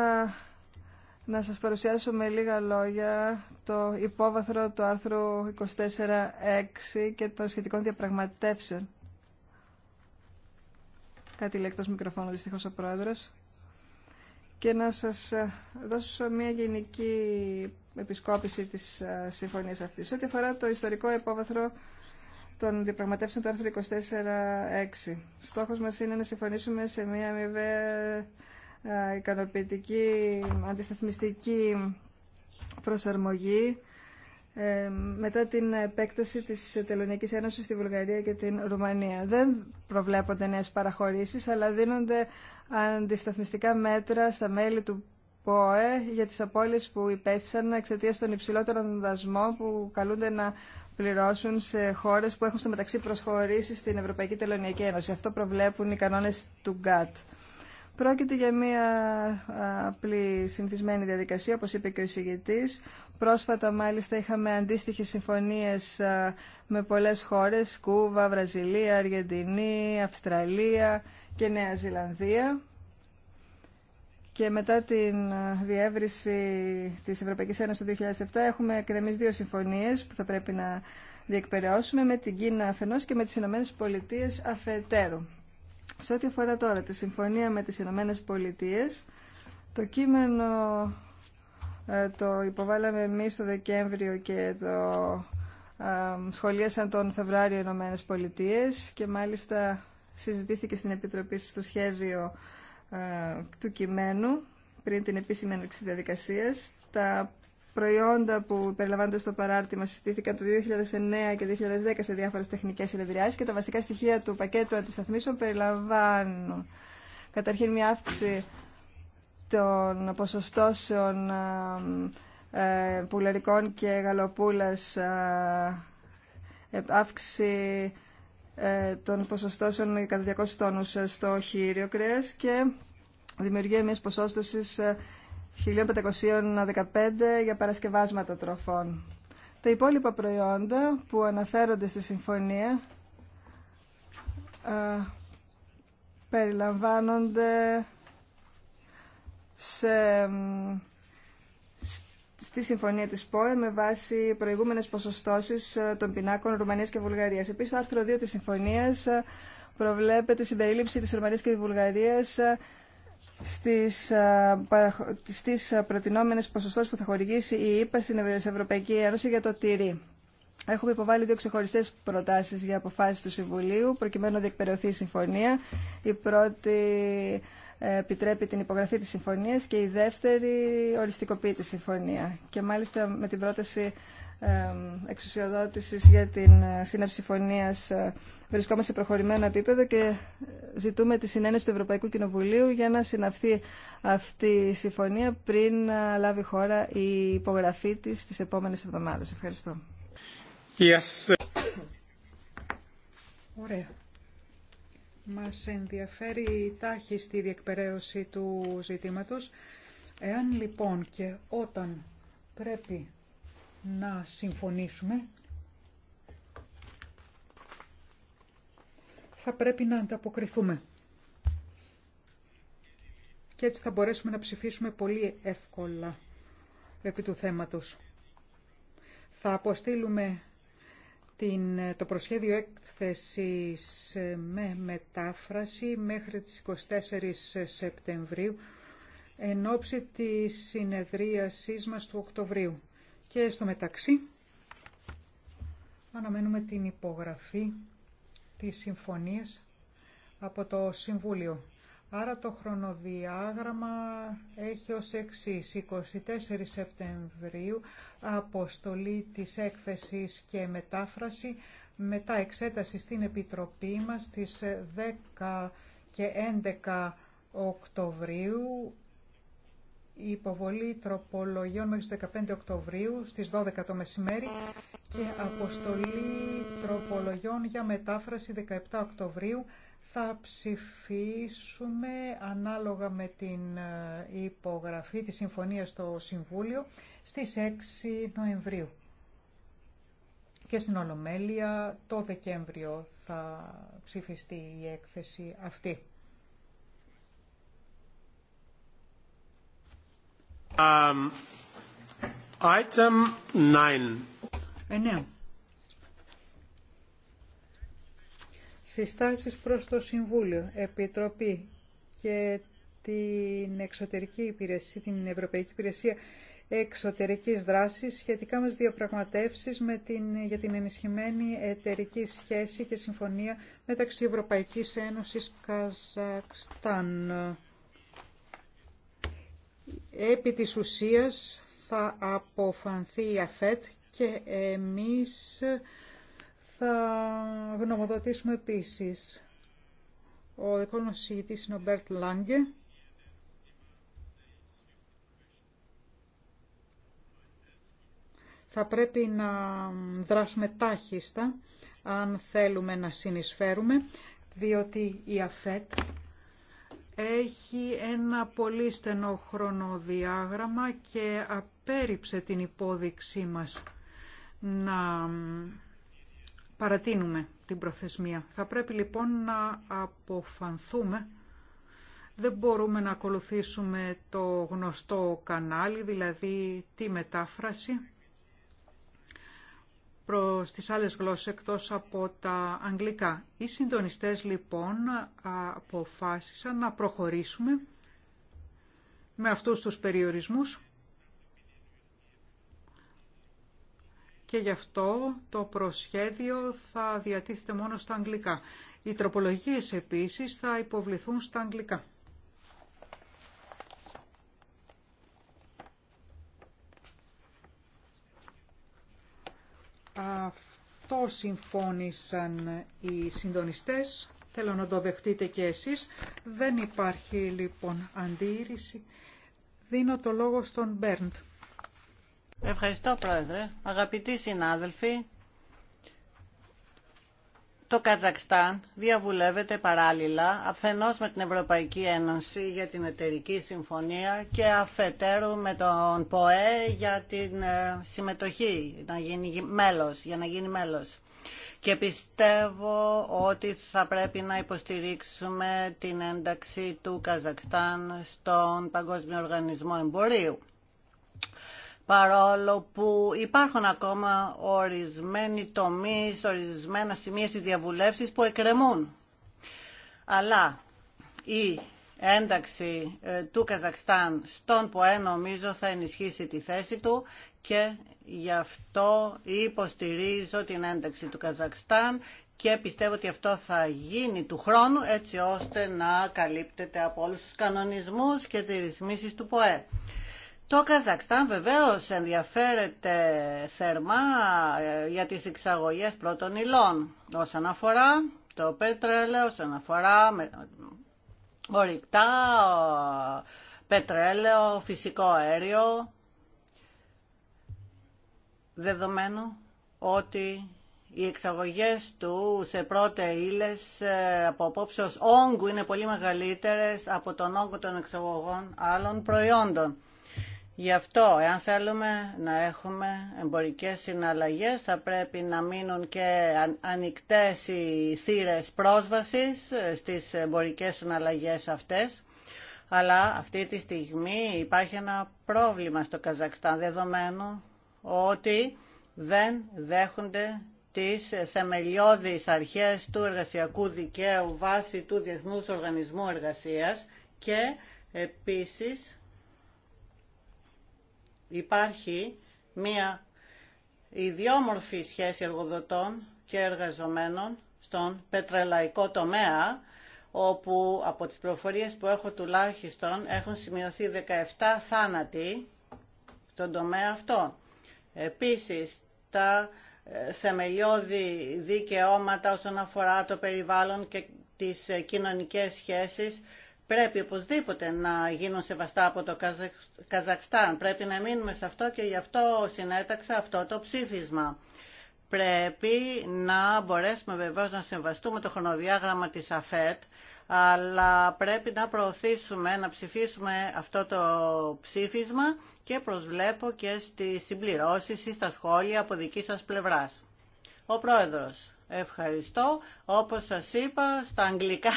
να σας παρουσιάσω με λίγα λόγια το υπόβαθρο του άρθρου 24.6 και των σχετικών διαπραγματεύσεων. Κάτι λέει εκτός μικροφώνου, δυστυχώς ο Πρόεδρος. Και να σας ε, δώσω μια γενική επισκόπηση της ε, συμφωνίας αυτής. Ό,τι αφορά το ιστορικό υπόβαθρο των διαπραγματεύσεων του άρθρου 24.6. Στόχος μας είναι να συμφωνήσουμε σε μια αμοιβαία ε, ικανοποιητική αντισταθμιστική προσαρμογή ε, μετά την επέκταση της Τελωνιακής Ένωσης στη Βουλγαρία και την Ρουμανία. Δεν προβλέπονται νέες παραχωρήσεις, αλλά δίνονται αντισταθμιστικά μέτρα στα μέλη του ΠΟΕ για τις απώλειες που υπέστησαν εξαιτία των υψηλότερων δασμών που καλούνται να πληρώσουν σε χώρες που έχουν στο μεταξύ προσχωρήσει στην Ευρωπαϊκή Τελωνιακή Ένωση. Αυτό προβλέπουν οι κανόνες του ΓΚΑΤ. Πρόκειται για μια απλή συνηθισμένη διαδικασία, όπως είπε και ο εισηγητής. Πρόσφατα μάλιστα είχαμε αντίστοιχες συμφωνίες με πολλές χώρες, Κούβα, Βραζιλία, Αργεντινή, Αυστραλία και Νέα Ζηλανδία. Και μετά την διεύρυνση της Ευρωπαϊκής Ένωσης το 2007 έχουμε κρεμίσει δύο συμφωνίες που θα πρέπει να διεκπαιρεώσουμε με την Κίνα αφενός και με τις Ηνωμένες Πολιτείες αφετέρου. Σε ό,τι αφορά τώρα τη συμφωνία με τις Ηνωμένε Πολιτείε, το κείμενο ε, το υποβάλαμε εμείς το Δεκέμβριο και το ε, σχολίασαν τον Φεβράριο οι Ηνωμένες Πολιτείες και μάλιστα συζητήθηκε στην Επιτροπή στο σχέδιο ε, του κειμένου πριν την επίσημη έναρξη διαδικασία. Τα προϊόντα που περιλαμβάνονται στο παράρτημα συστήθηκαν το 2009 και 2010 σε διάφορε τεχνικέ συνεδριάσει και τα βασικά στοιχεία του πακέτου αντισταθμίσεων περιλαμβάνουν καταρχήν μια αύξηση των ποσοστώσεων ε, πουλερικών και γαλοπούλας ε, αύξηση ε, των ποσοστώσεων κατά 200 τόνους στο χείριο κρέας και δημιουργία μιας ποσοστόση. 1515 για παρασκευάσματα τροφών. Τα υπόλοιπα προϊόντα που αναφέρονται στη συμφωνία α, ε, περιλαμβάνονται σε, στη συμφωνία της ΠΟΕ με βάση προηγούμενες ποσοστώσεις ε, των πινάκων Ρουμανίας και Βουλγαρίας. Επίσης, το άρθρο 2 της συμφωνίας ε, προβλέπεται συμπερίληψη της Ρουμανίας και Βουλγαρίας στις, ε, στις ε, προτινόμενες ποσοστώσεις που θα χορηγήσει η ΕΠΑ ΕΕ στην Ευρωπαϊκή Ένωση για το τυρί. Έχουμε υποβάλει δύο ξεχωριστέ προτάσει για αποφάσει του Συμβουλίου, προκειμένου να διεκπαιρεωθεί η συμφωνία. Η πρώτη ε, επιτρέπει την υπογραφή τη συμφωνία και η δεύτερη οριστικοποιεί τη συμφωνία. Και μάλιστα με την πρόταση εξουσιοδότησης για την ε, σύναψη φωνίας ε, βρισκόμαστε σε προχωρημένο επίπεδο και ζητούμε τη συνένεση του Ευρωπαϊκού Κοινοβουλίου για να συναυθεί αυτή η συμφωνία πριν ε, λάβει χώρα η υπογραφή της τις επόμενες εβδομάδες. Ευχαριστώ. Yes. Ωραία. Μας ενδιαφέρει η τάχη στη διεκπαιρέωση του ζητήματος. Εάν λοιπόν και όταν πρέπει να συμφωνήσουμε θα πρέπει να ανταποκριθούμε. Και έτσι θα μπορέσουμε να ψηφίσουμε πολύ εύκολα επί του θέματος. Θα αποστείλουμε την, το προσχέδιο έκθεσης με μετάφραση μέχρι τις 24 Σεπτεμβρίου εν ώψη της συνεδρίασής μας του Οκτωβρίου. Και στο μεταξύ αναμένουμε την υπογραφή της συμφωνίας από το Συμβούλιο. Άρα το χρονοδιάγραμμα έχει ως εξής. 24 Σεπτεμβρίου, αποστολή της έκθεσης και μετάφραση, μετά εξέταση στην Επιτροπή μας στις 10 και 11 Οκτωβρίου, η υποβολή τροπολογιών μέχρι τις 15 Οκτωβρίου στις 12 το μεσημέρι και αποστολή τροπολογιών για μετάφραση 17 Οκτωβρίου. Θα ψηφίσουμε ανάλογα με την ε, υπογραφή της συμφωνίας στο Συμβούλιο στις 6 Νοεμβρίου. Και στην Ολομέλεια το Δεκέμβριο θα ψηφιστεί η έκθεση αυτή. Um, item 9. 9. Συστάσεις προς το Συμβούλιο, Επιτροπή και την Εξωτερική Υπηρεσία, την Ευρωπαϊκή Υπηρεσία Εξωτερικής Δράσης σχετικά με τις διαπραγματεύσεις με την, για την ενισχυμένη εταιρική σχέση και συμφωνία μεταξύ Ευρωπαϊκής Ένωσης Καζακστάν. Επί της ουσίας θα αποφανθεί η ΑΦΕΤ και εμείς θα γνωμοδοτήσουμε επίσης. Ο δικός μας συγητής είναι ο Μπέρτ Λάγκε. Θα πρέπει να δράσουμε τάχιστα αν θέλουμε να συνεισφέρουμε, διότι η ΑΦΕΤ έχει ένα πολύ στενό χρονοδιάγραμμα και απέριψε την υπόδειξή μας να παρατείνουμε την προθεσμία. Θα πρέπει λοιπόν να αποφανθούμε. Δεν μπορούμε να ακολουθήσουμε το γνωστό κανάλι, δηλαδή τη μετάφραση προς τις άλλες γλώσσες εκτός από τα αγγλικά. Οι συντονιστές λοιπόν αποφάσισαν να προχωρήσουμε με αυτούς τους περιορισμούς και γι' αυτό το προσχέδιο θα διατίθεται μόνο στα αγγλικά. Οι τροπολογίες επίσης θα υποβληθούν στα αγγλικά. Αυτό συμφώνησαν οι συντονιστές. Θέλω να το δεχτείτε και εσείς. Δεν υπάρχει λοιπόν αντίρρηση. Δίνω το λόγο στον Μπέρντ. Ευχαριστώ Πρόεδρε. Αγαπητοί συνάδελφοι, το Καζακστάν διαβουλεύεται παράλληλα αφενός με την Ευρωπαϊκή Ένωση για την εταιρική συμφωνία και αφετέρου με τον ΠΟΕ για την ε, συμμετοχή, να γίνει μέλος, για να γίνει μέλος. Και πιστεύω ότι θα πρέπει να υποστηρίξουμε την ένταξη του Καζακστάν στον Παγκόσμιο Οργανισμό Εμπορίου παρόλο που υπάρχουν ακόμα ορισμένοι τομείς, ορισμένα σημεία στις διαβουλεύσεις που εκκρεμούν. Αλλά η ένταξη ε, του Καζακστάν στον ΠΟΕ νομίζω θα ενισχύσει τη θέση του και γι' αυτό υποστηρίζω την ένταξη του Καζακστάν και πιστεύω ότι αυτό θα γίνει του χρόνου έτσι ώστε να καλύπτεται από όλους τους κανονισμούς και τις ρυθμίσεις του ΠΟΕ. Το Καζακστάν βεβαίως ενδιαφέρεται σερμά ε, για τις εξαγωγές πρώτων υλών όσον αφορά το πετρέλαιο, όσον αφορά ορυκτά, πετρέλαιο, φυσικό αέριο, δεδομένου ότι οι εξαγωγές του σε πρώτε ύλες ε, από απόψεως όγκου είναι πολύ μεγαλύτερες από τον όγκο των εξαγωγών άλλων προϊόντων. Γι' αυτό, εάν θέλουμε να έχουμε εμπορικές συναλλαγές, θα πρέπει να μείνουν και ανοιχτές οι θύρες πρόσβασης ε, στις εμπορικές συναλλαγές αυτές. Αλλά αυτή τη στιγμή υπάρχει ένα πρόβλημα στο Καζακστάν, δεδομένου ότι δεν δέχονται τις σεμελιώδεις αρχές του εργασιακού δικαίου βάσει του Διεθνούς Οργανισμού Εργασίας και επίσης υπάρχει μία ιδιόμορφη σχέση εργοδοτών και εργαζομένων στον πετρελαϊκό τομέα, όπου από τις προφορίες που έχω τουλάχιστον έχουν σημειωθεί 17 θάνατοι στον τομέα αυτό. Επίσης, τα ε, θεμελιώδη δικαιώματα όσον αφορά το περιβάλλον και τις ε, κοινωνικές σχέσεις πρέπει οπωσδήποτε να γίνουν σεβαστά από το Καζακστάν. Πρέπει να μείνουμε σε αυτό και γι' αυτό συνέταξα αυτό το ψήφισμα. Πρέπει να μπορέσουμε βεβαίως να συμβαστούμε το χρονοδιάγραμμα της ΑΦΕΤ, αλλά πρέπει να προωθήσουμε, να ψηφίσουμε αυτό το ψήφισμα και προσβλέπω και στις συμπληρώσεις ή στα σχόλια από δική σας πλευράς. Ο Πρόεδρος. Ευχαριστώ. Όπως σας είπα, στα αγγλικά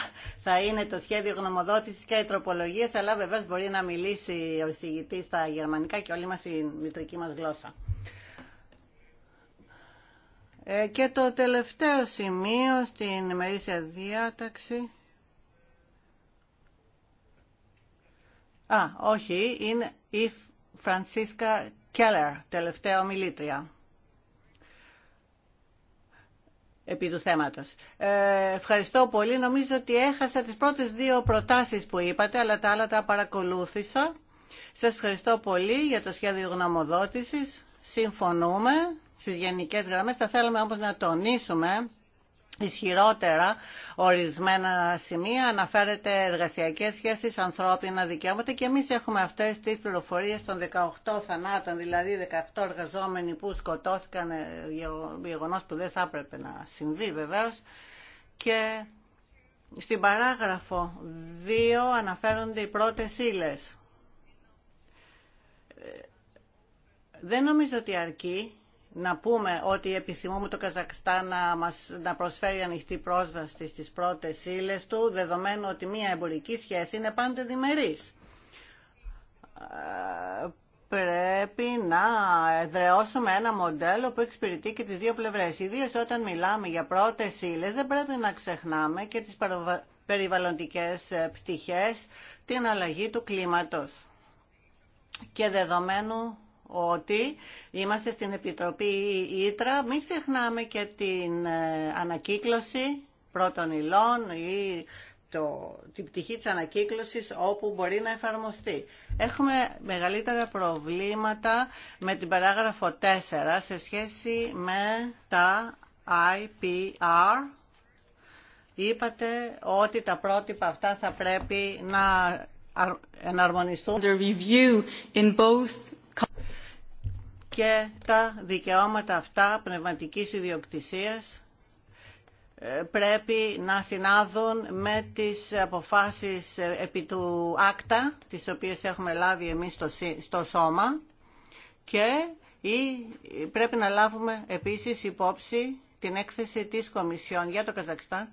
θα είναι το σχέδιο γνωμοδότησης και οι αλλά βεβαίως μπορεί να μιλήσει ο εισηγητής στα γερμανικά και όλη μας η μητρική μας γλώσσα. Ε, και το τελευταίο σημείο στην ημερήσια διάταξη... Α, όχι, είναι η Φρανσίσκα Κέλλερ, τελευταία ομιλήτρια. επί του θέματος. Ε, ευχαριστώ πολύ. Νομίζω ότι έχασα τις πρώτες δύο προτάσεις που είπατε, αλλά τα άλλα τα παρακολούθησα. Σας ευχαριστώ πολύ για το σχέδιο γνωμοδότησης. Συμφωνούμε στις γενικές γραμμές. Θα θέλαμε όμως να τονίσουμε ισχυρότερα ορισμένα σημεία αναφέρεται εργασιακές σχέσεις, ανθρώπινα δικαιώματα και εμείς έχουμε αυτές τις πληροφορίες των 18 θανάτων, δηλαδή 18 εργαζόμενοι που σκοτώθηκαν, ε, γεγονό που δεν θα έπρεπε να συμβεί βεβαίως και στην παράγραφο 2 αναφέρονται οι πρώτες ύλε. Ε, δεν νομίζω ότι αρκεί να πούμε ότι επισημούμε το Καζακστάν να, μας, να προσφέρει ανοιχτή πρόσβαση στις πρώτες ύλε του, δεδομένου ότι μια εμπορική σχέση είναι πάντοτε διμερής. Ε, πρέπει να εδραιώσουμε ένα μοντέλο που εξυπηρετεί και τις δύο πλευρές. Ιδίως όταν μιλάμε για πρώτες ύλε, δεν πρέπει να ξεχνάμε και τις περιβαλλοντικές ε, πτυχές, την αλλαγή του κλίματος και δεδομένου ότι είμαστε στην Επιτροπή Ήτρα. Μην ξεχνάμε και την ε, ανακύκλωση πρώτων υλών ή το, την πτυχή της ανακύκλωσης όπου μπορεί να εφαρμοστεί. Έχουμε μεγαλύτερα προβλήματα με την παράγραφο 4 σε σχέση με τα IPR. Είπατε ότι τα πρότυπα αυτά θα πρέπει να εναρμονιστούν. Under review in both και τα δικαιώματα αυτά πνευματικής ιδιοκτησίας ε, πρέπει να συνάδουν με τις αποφάσεις ε, επί του άκτα, τις οποίες έχουμε λάβει εμείς στο σώμα και ή πρέπει να λάβουμε επίσης υπόψη την έκθεση της Κομισιόν για το Καζακστάν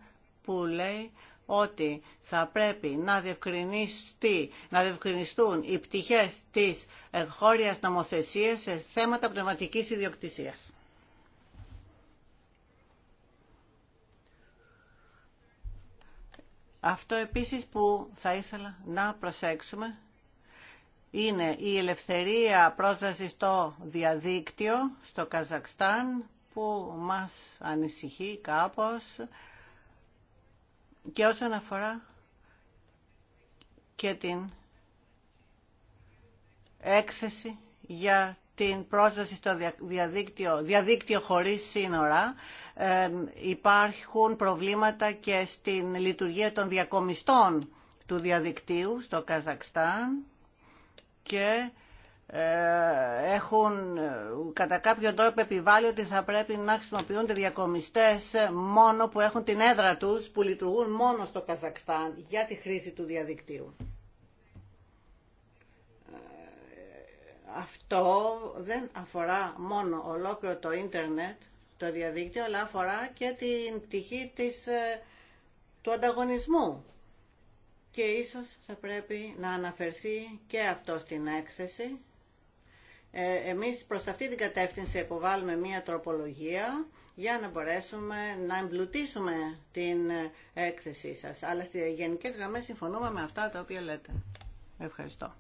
που λέει ότι θα πρέπει να, να διευκρινιστούν οι πτυχές της εγχώριας νομοθεσίας σε θέματα πνευματικής ιδιοκτησίας. Αυτό επίσης που θα ήθελα να προσέξουμε είναι η ελευθερία πρόσβαση στο διαδίκτυο στο Καζακστάν που μας ανησυχεί κάπως και όσον αφορά και την έκθεση για την πρόσβαση στο διαδίκτυο, διαδίκτυο χωρίς σύνορα. υπάρχουν προβλήματα και στην λειτουργία των διακομιστών του διαδικτύου στο Καζακστάν και ε, έχουν κατά κάποιο τρόπο επιβάλλει ότι θα πρέπει να χρησιμοποιούνται διακομιστές μόνο που έχουν την έδρα τους, που λειτουργούν μόνο στο Καζακστάν για τη χρήση του διαδικτύου. Ε, αυτό δεν αφορά μόνο ολόκληρο το ίντερνετ, το διαδίκτυο, αλλά αφορά και την πτυχή της, ε, του ανταγωνισμού. Και ίσως θα πρέπει να αναφερθεί και αυτό στην έκθεση ε, εμείς προς αυτή την κατεύθυνση υποβάλλουμε μία τροπολογία για να μπορέσουμε να εμπλουτίσουμε την ε, έκθεσή σας. Αλλά στις γενικές γραμμές συμφωνούμε με αυτά τα οποία λέτε. Ευχαριστώ.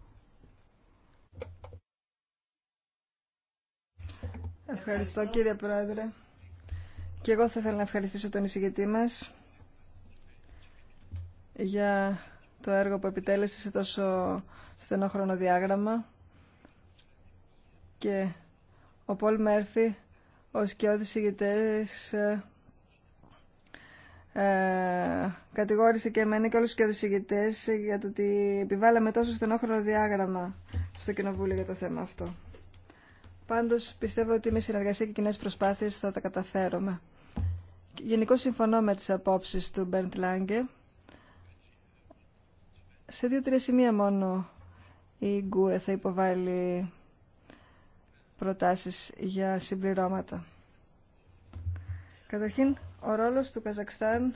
Ευχαριστώ κύριε Πρόεδρε. Και εγώ θα ήθελα να ευχαριστήσω τον εισηγητή μας για το έργο που επιτέλεσε σε τόσο στενό χρονοδιάγραμμα και ο Πολ Μέρφυ ως και ηγητές ε, ε, κατηγόρησε και εμένα και όλους και ηγητές για το ότι επιβάλαμε τόσο στενόχρονο διάγραμμα στο Κοινοβούλιο για το θέμα αυτό. Πάντως πιστεύω ότι με συνεργασία και κοινέ προσπάθειες θα τα καταφέρουμε. Γενικώ συμφωνώ με τις απόψεις του Μπέρντ Λάγκε. Σε δύο-τρία σημεία μόνο η Γκουε θα υποβάλει προτάσεις για συμπληρώματα. Καταρχήν, ο ρόλος του Καζακστάν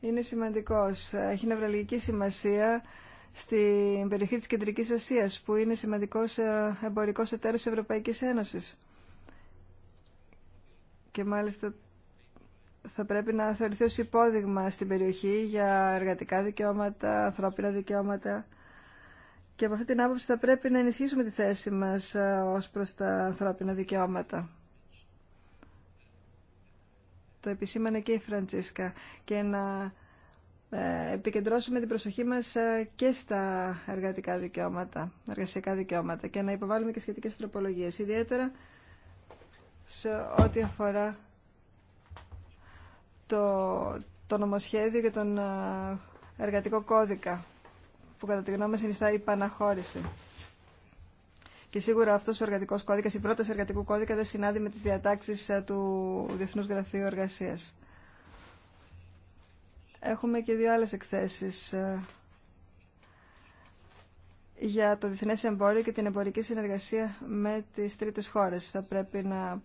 είναι σημαντικός. Έχει νευραλγική σημασία στην περιοχή της Κεντρικής Ασίας, που είναι σημαντικός ε, εμπορικός εταίρος της Ευρωπαϊκής Ένωσης. Και μάλιστα θα πρέπει να θεωρηθεί ως υπόδειγμα στην περιοχή για εργατικά δικαιώματα, ανθρώπινα δικαιώματα και από αυτή την άποψη θα πρέπει να ενισχύσουμε τη θέση μας ε, ως προς τα ανθρώπινα δικαιώματα. Το επισήμανε και η Φραντσίσκα. Και να ε, επικεντρώσουμε την προσοχή μας ε, και στα εργατικά δικαιώματα, εργασιακά δικαιώματα και να υποβάλουμε και σχετικές τροπολογίες, ιδιαίτερα σε ό,τι αφορά το, το νομοσχέδιο και τον εργατικό κώδικα που κατά τη γνώμη συνιστά η παναχώρηση. Και σίγουρα αυτό ο εργατικό κώδικα, η πρόταση εργατικού κώδικα δεν συνάδει με τι διατάξει ε, του Διεθνού Γραφείου Εργασία. Έχουμε και δύο άλλε εκθέσει ε, για το διεθνέ εμπόριο και την εμπορική συνεργασία με τι τρίτε χώρε. Θα πρέπει να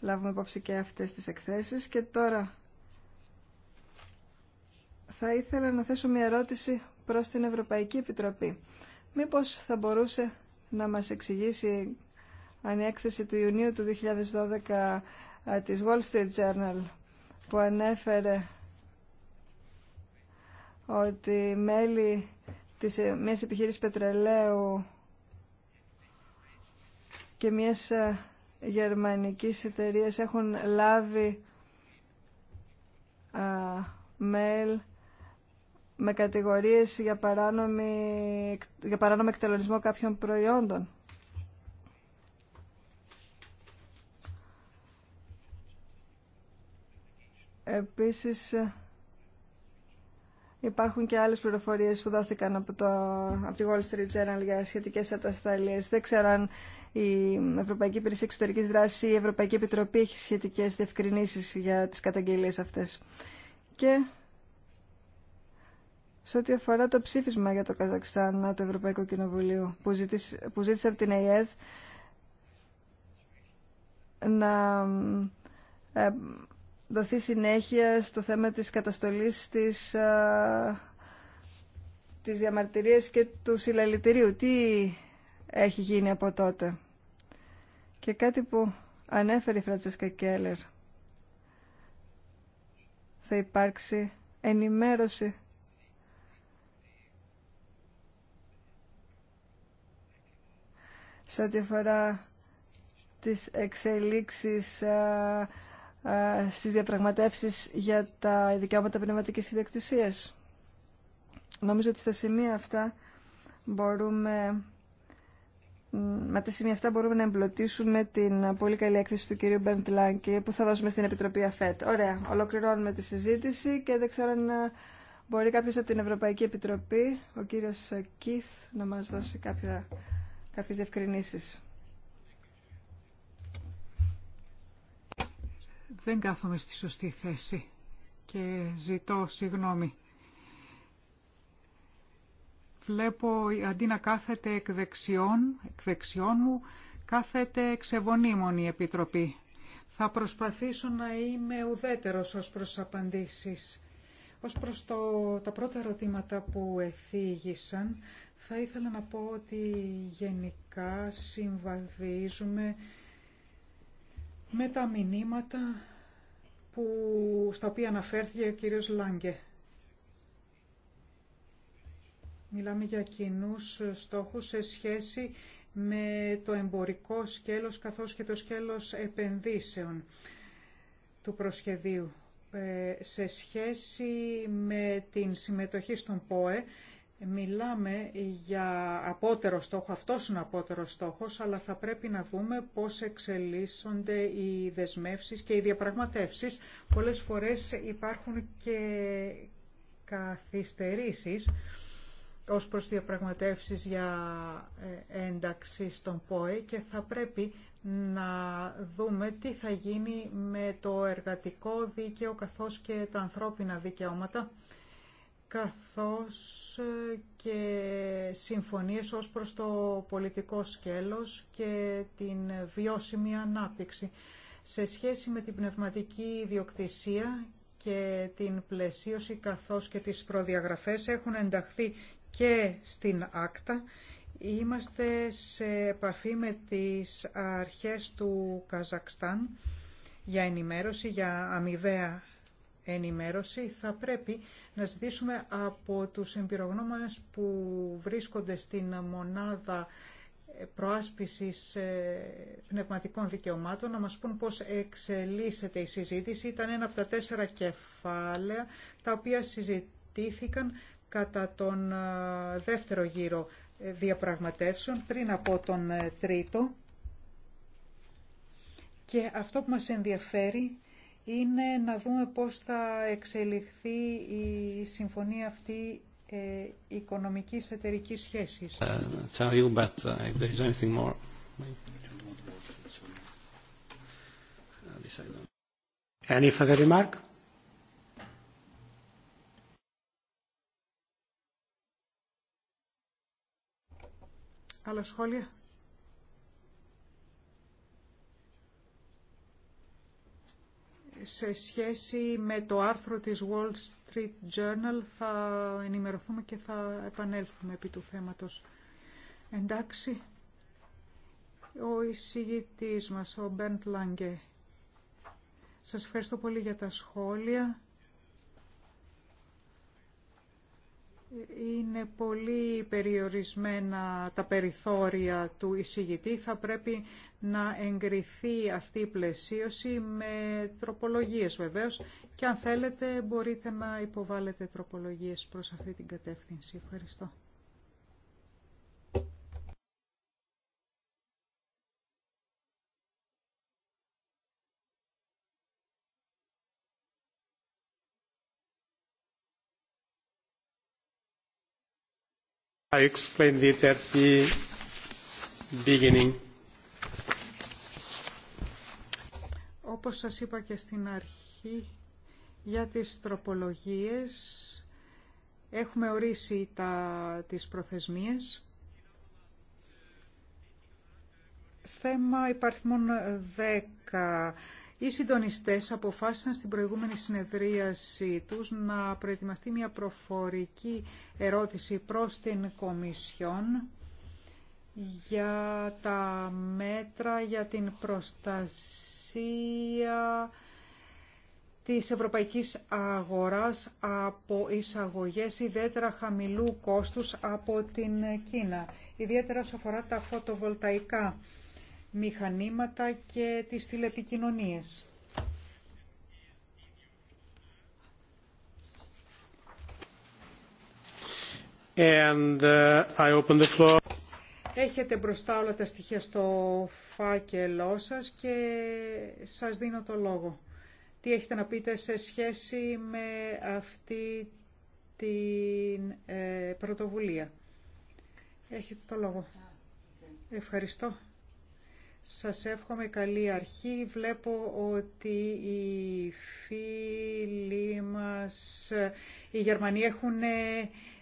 λάβουμε υπόψη και αυτέ τι εκθέσει. Και τώρα θα ήθελα να θέσω μια ερώτηση προς την Ευρωπαϊκή Επιτροπή. Μήπως θα μπορούσε να μας εξηγήσει αν η έκθεση του Ιουνίου του 2012 της Wall Street Journal που ανέφερε ότι μέλη της, ε, μιας επιχείρησης πετρελαίου και μιας ε, γερμανικής εταιρείας έχουν λάβει mail με κατηγορίες για, παράνομη, για παράνομο εκτελονισμό κάποιων προϊόντων. Επίσης υπάρχουν και άλλες πληροφορίες που δόθηκαν από, το, από τη Wall Street Journal για σχετικές ατασταλίες. Δεν ξέρω αν η Ευρωπαϊκή Υπηρεσία Εξωτερικής Δράσης ή η Ευρωπαϊκή Επιτροπή έχει σχετικές διευκρινήσεις για τις καταγγελίες αυτές. Και σε ό,τι αφορά το ψήφισμα για το Καζακστάν του ευρωπαϊκό κοινοβούλιο που ζήτησε, που από την ΕΕΔ να ε, δοθεί συνέχεια στο θέμα της καταστολής της, ε, της διαμαρτυρίας και του συλλαλητηρίου. Τι έχει γίνει από τότε. Και κάτι που ανέφερε η Φραντσέσκα Κέλλερ. Θα υπάρξει ενημέρωση σε ό,τι αφορά τις εξελίξεις α, ε, α, ε, στις διαπραγματεύσεις για τα δικαιώματα πνευματικής ιδιοκτησίας. Νομίζω ότι στα σημεία αυτά μπορούμε με τα σημεία αυτά μπορούμε να εμπλωτίσουμε την πολύ καλή έκθεση του κυρίου Μπέντ Λάγκη που θα δώσουμε στην Επιτροπή ΑΦΕΤ. Ωραία, ολοκληρώνουμε τη συζήτηση και δεν ξέρω αν ε, μπορεί κάποιος από την Ευρωπαϊκή Επιτροπή, ο κύριος Κίθ, να μας δώσει κάποια κάποιες διευκρινήσεις. Δεν κάθομαι στη σωστή θέση και ζητώ συγγνώμη. Βλέπω αντί να κάθεται εκ δεξιών, μου, κάθεται εξεβονίμων η Επιτροπή. Θα προσπαθήσω να είμαι ουδέτερος ως προς απαντήσεις. Ως προς τα πρώτα ερωτήματα που εθίγησαν, θα ήθελα να πω ότι γενικά συμβαδίζουμε με τα μηνύματα που, στα οποία αναφέρθηκε ο κύριος Λάγκε. Μιλάμε για κοινού στόχους σε σχέση με το εμπορικό σκέλος καθώς και το σκέλος επενδύσεων του προσχεδίου. Ε, σε σχέση με την συμμετοχή στον ΠΟΕ, μιλάμε για απότερο στόχο, αυτό είναι απότερο στόχος, αλλά θα πρέπει να δούμε πώς εξελίσσονται οι δεσμεύσεις και οι διαπραγματεύσεις. Πολλές φορές υπάρχουν και καθυστερήσεις ως προς διαπραγματεύσεις για ε, ένταξη στον ΠΟΕ και θα πρέπει να δούμε τι θα γίνει με το εργατικό δίκαιο καθώς και τα ανθρώπινα δικαιώματα καθώς ε, και συμφωνίες ως προς το πολιτικό σκέλος και την βιώσιμη ανάπτυξη. Σε σχέση με την πνευματική ιδιοκτησία και την πλαισίωση καθώς και τις προδιαγραφές έχουν ενταχθεί και στην άκτα Είμαστε σε επαφή με τις αρχές του Καζακστάν για ενημέρωση, για αμοιβαία ενημέρωση. Θα πρέπει να ζητήσουμε από τους εμπειρογνώμονες που βρίσκονται στην μονάδα προάσπισης ε, πνευματικών δικαιωμάτων να μας πούν πώς εξελίσσεται η συζήτηση. Ήταν ένα από τα τέσσερα κεφάλαια τα οποία συζητήθηκαν κατά τον ε, δεύτερο γύρο διαπραγματεύσεων πριν από τον ε, τρίτο και αυτό που μας ενδιαφέρει είναι να δούμε πώς θα εξελιχθεί η συμφωνία αυτή ε, οικονομικής εταιρικής σχέσης. Any further remark? Άλλα σχόλια. Σε σχέση με το άρθρο της Wall Street Journal θα ενημερωθούμε και θα επανέλθουμε επί του θέματος. Εντάξει, ο εισηγητής μας, ο Μπέντ Λάγκε. Σας ευχαριστώ πολύ για τα σχόλια. Είναι πολύ περιορισμένα τα περιθώρια του εισηγητή. Θα πρέπει να εγκριθεί αυτή η πλαισίωση με τροπολογίες βεβαίως και αν θέλετε μπορείτε να υποβάλλετε τροπολογίες προς αυτή την κατεύθυνση. Ευχαριστώ. I explained it at the beginning. Όπως σας είπα και στην αρχή, για τις τροπολογίες έχουμε ορίσει τα, τις προθεσμίες. Θέμα υπαριθμών 10 οι συντονιστές αποφάσισαν στην προηγούμενη συνεδρίαση τους να προετοιμαστεί μια προφορική ερώτηση προς την Κομισιόν για τα μέτρα για την προστασία της ευρωπαϊκής αγοράς από εισαγωγές ιδιαίτερα χαμηλού κόστους από την Κίνα, ιδιαίτερα σε αφορά τα φωτοβολταϊκά μηχανήματα και τις τηλεπικοινωνίες. And, uh, I open the floor. Έχετε μπροστά όλα τα στοιχεία στο φάκελό σας και σας δίνω το λόγο. Τι έχετε να πείτε σε σχέση με αυτή την ε, πρωτοβουλία. Έχετε το λόγο. Ευχαριστώ. Σας εύχομαι καλή αρχή. Βλέπω ότι οι φίλοι μας, οι Γερμανοί έχουν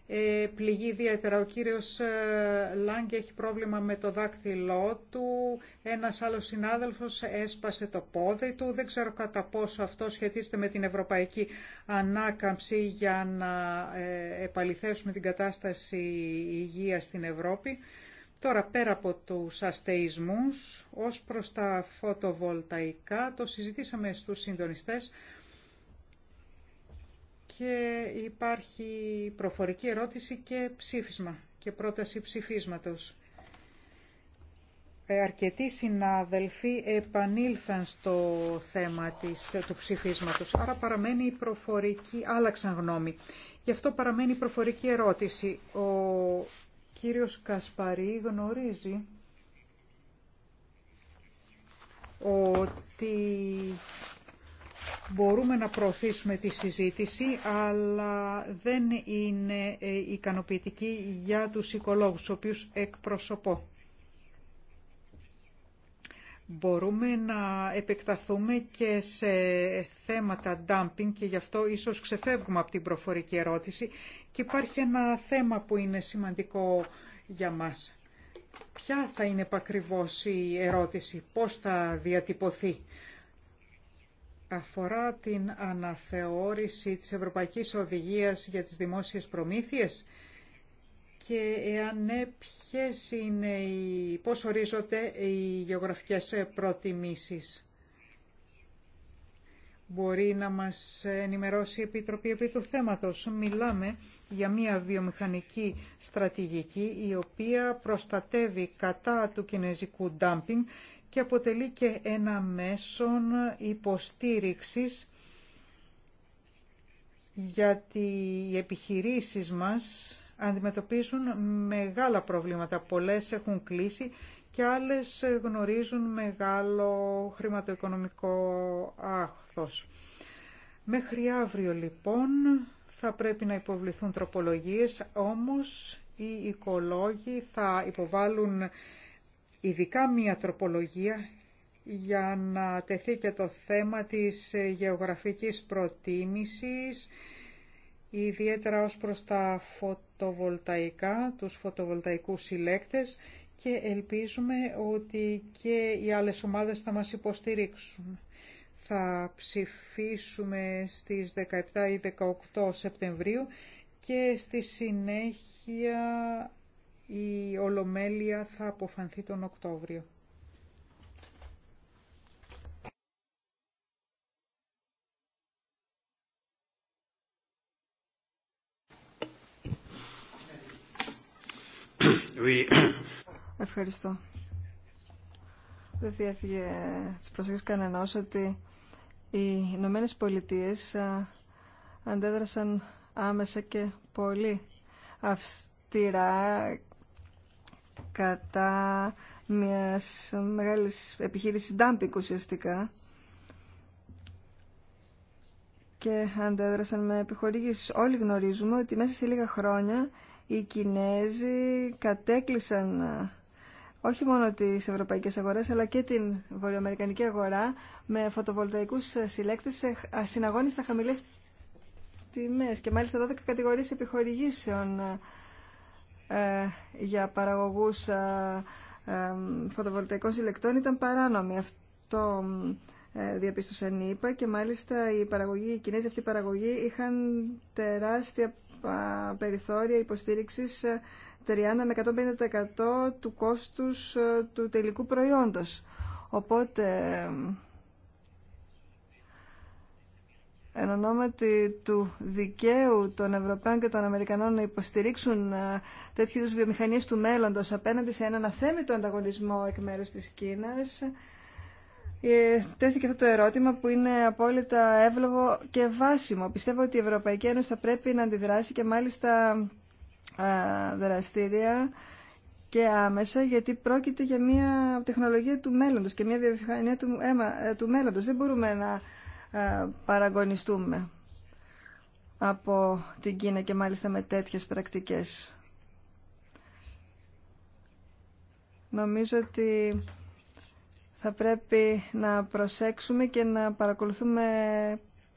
ε, πληγεί ιδιαίτερα. Ο κύριος ε, Λάγκ έχει πρόβλημα με το δάκτυλό του. Ένας άλλος συνάδελφος έσπασε το πόδι του. Δεν ξέρω κατά πόσο αυτό σχετίζεται με την ευρωπαϊκή ανάκαμψη για να ε, επαληθέσουμε την κατάσταση υγείας στην Ευρώπη. Τώρα, πέρα από τους αστεϊσμούς, ως προς τα φωτοβολταϊκά, το συζητήσαμε στους συντονιστές και υπάρχει προφορική ερώτηση και ψήφισμα και πρόταση ψηφίσματος. Ε, αρκετοί συνάδελφοι επανήλθαν στο θέμα της, του ψηφίσματος, άρα παραμένει η προφορική, άλλαξαν γνώμη. Γι' αυτό παραμένει η προφορική ερώτηση κύριος Κασπαρή γνωρίζει ότι μπορούμε να προωθήσουμε τη συζήτηση, αλλά δεν είναι ε, ικανοποιητική για τους οικολόγους, τους οποίους εκπροσωπώ. Μπορούμε να επεκταθούμε και σε θέματα dumping και γι' αυτό ίσως ξεφεύγουμε από την προφορική ερώτηση και υπάρχει ένα θέμα που είναι σημαντικό για μας. Ποια θα είναι επακριβώς η ερώτηση, πώς θα διατυπωθεί. Αφορά την αναθεώρηση της Ευρωπαϊκής Οδηγίας για τις Δημόσιες Προμήθειες και εάν ναι, ποιες είναι οι, πώς ορίζονται οι γεωγραφικές προτιμήσεις. Μπορεί να μας ενημερώσει η Επιτροπή επί του θέματος. Μιλάμε για μια βιομηχανική στρατηγική η οποία προστατεύει κατά του κινέζικου ντάμπινγκ και αποτελεί και ένα μέσον υποστήριξης για οι επιχειρήσεις μας αντιμετωπίζουν μεγάλα προβλήματα. Πολλές έχουν κλείσει και άλλες γνωρίζουν μεγάλο χρηματοοικονομικό άχθος. Μέχρι αύριο λοιπόν θα πρέπει να υποβληθούν τροπολογίες, όμως οι οικολόγοι θα υποβάλουν ειδικά μία τροπολογία για να τεθεί και το θέμα της γεωγραφικής προτίμησης ιδιαίτερα ως προς τα φωτοβολταϊκά, τους φωτοβολταϊκούς συλλέκτες και ελπίζουμε ότι και οι άλλες ομάδες θα μας υποστηρίξουν. Θα ψηφίσουμε στις 17 ή 18 Σεπτεμβρίου και στη συνέχεια η Ολομέλεια θα αποφανθεί τον Οκτώβριο. Ευχαριστώ. Δεν διέφυγε τη προσοχή κανενό ότι οι Ηνωμένε Πολιτείε αντέδρασαν άμεσα και πολύ αυστηρά κατά μιας μεγάλης επιχείρησης dumping ουσιαστικά και αντέδρασαν με επιχορήγηση. Όλοι γνωρίζουμε ότι μέσα σε λίγα χρόνια οι Κινέζοι κατέκλυσαν ε, όχι μόνο τις ευρωπαϊκές αγορές αλλά και την βορειοαμερικανική αγορά με φωτοβολταϊκούς ε, συλλέκτες σε στα χαμηλές τιμές και μάλιστα 12 κατηγορίες επιχορηγήσεων ε, για παραγωγούς φωτοβολταϊκών συλλεκτών ήταν παράνομη. Αυτό διαπίστωσαν οι ΙΠΑ και μάλιστα οι, παραγωγή, οι Κινέζοι αυτή παραγωγή είχαν τεράστια περιθώρια υποστήριξης 30 ε, με 150% του κόστους ε, του τελικού προϊόντος. Οπότε, εν ονόματι του δικαίου των Ευρωπαίων και των Αμερικανών να υποστηρίξουν ε, τέτοιου βιομηχανίες του μέλλοντος απέναντι σε έναν αθέμητο ανταγωνισμό εκ μέρους της Κίνας, ε, τέθηκε αυτό το ερώτημα που είναι απόλυτα εύλογο και βάσιμο. Πιστεύω ότι η Ευρωπαϊκή Ένωση θα πρέπει να αντιδράσει και μάλιστα δραστήρια και άμεσα γιατί πρόκειται για μια τεχνολογία του μέλλοντος και μια βιομηχανία του, ε, του μέλλοντος. Δεν μπορούμε να παραγωνιστούμε από την Κίνα και μάλιστα με τέτοιες πρακτικές. Νομίζω ότι θα πρέπει να προσέξουμε και να παρακολουθούμε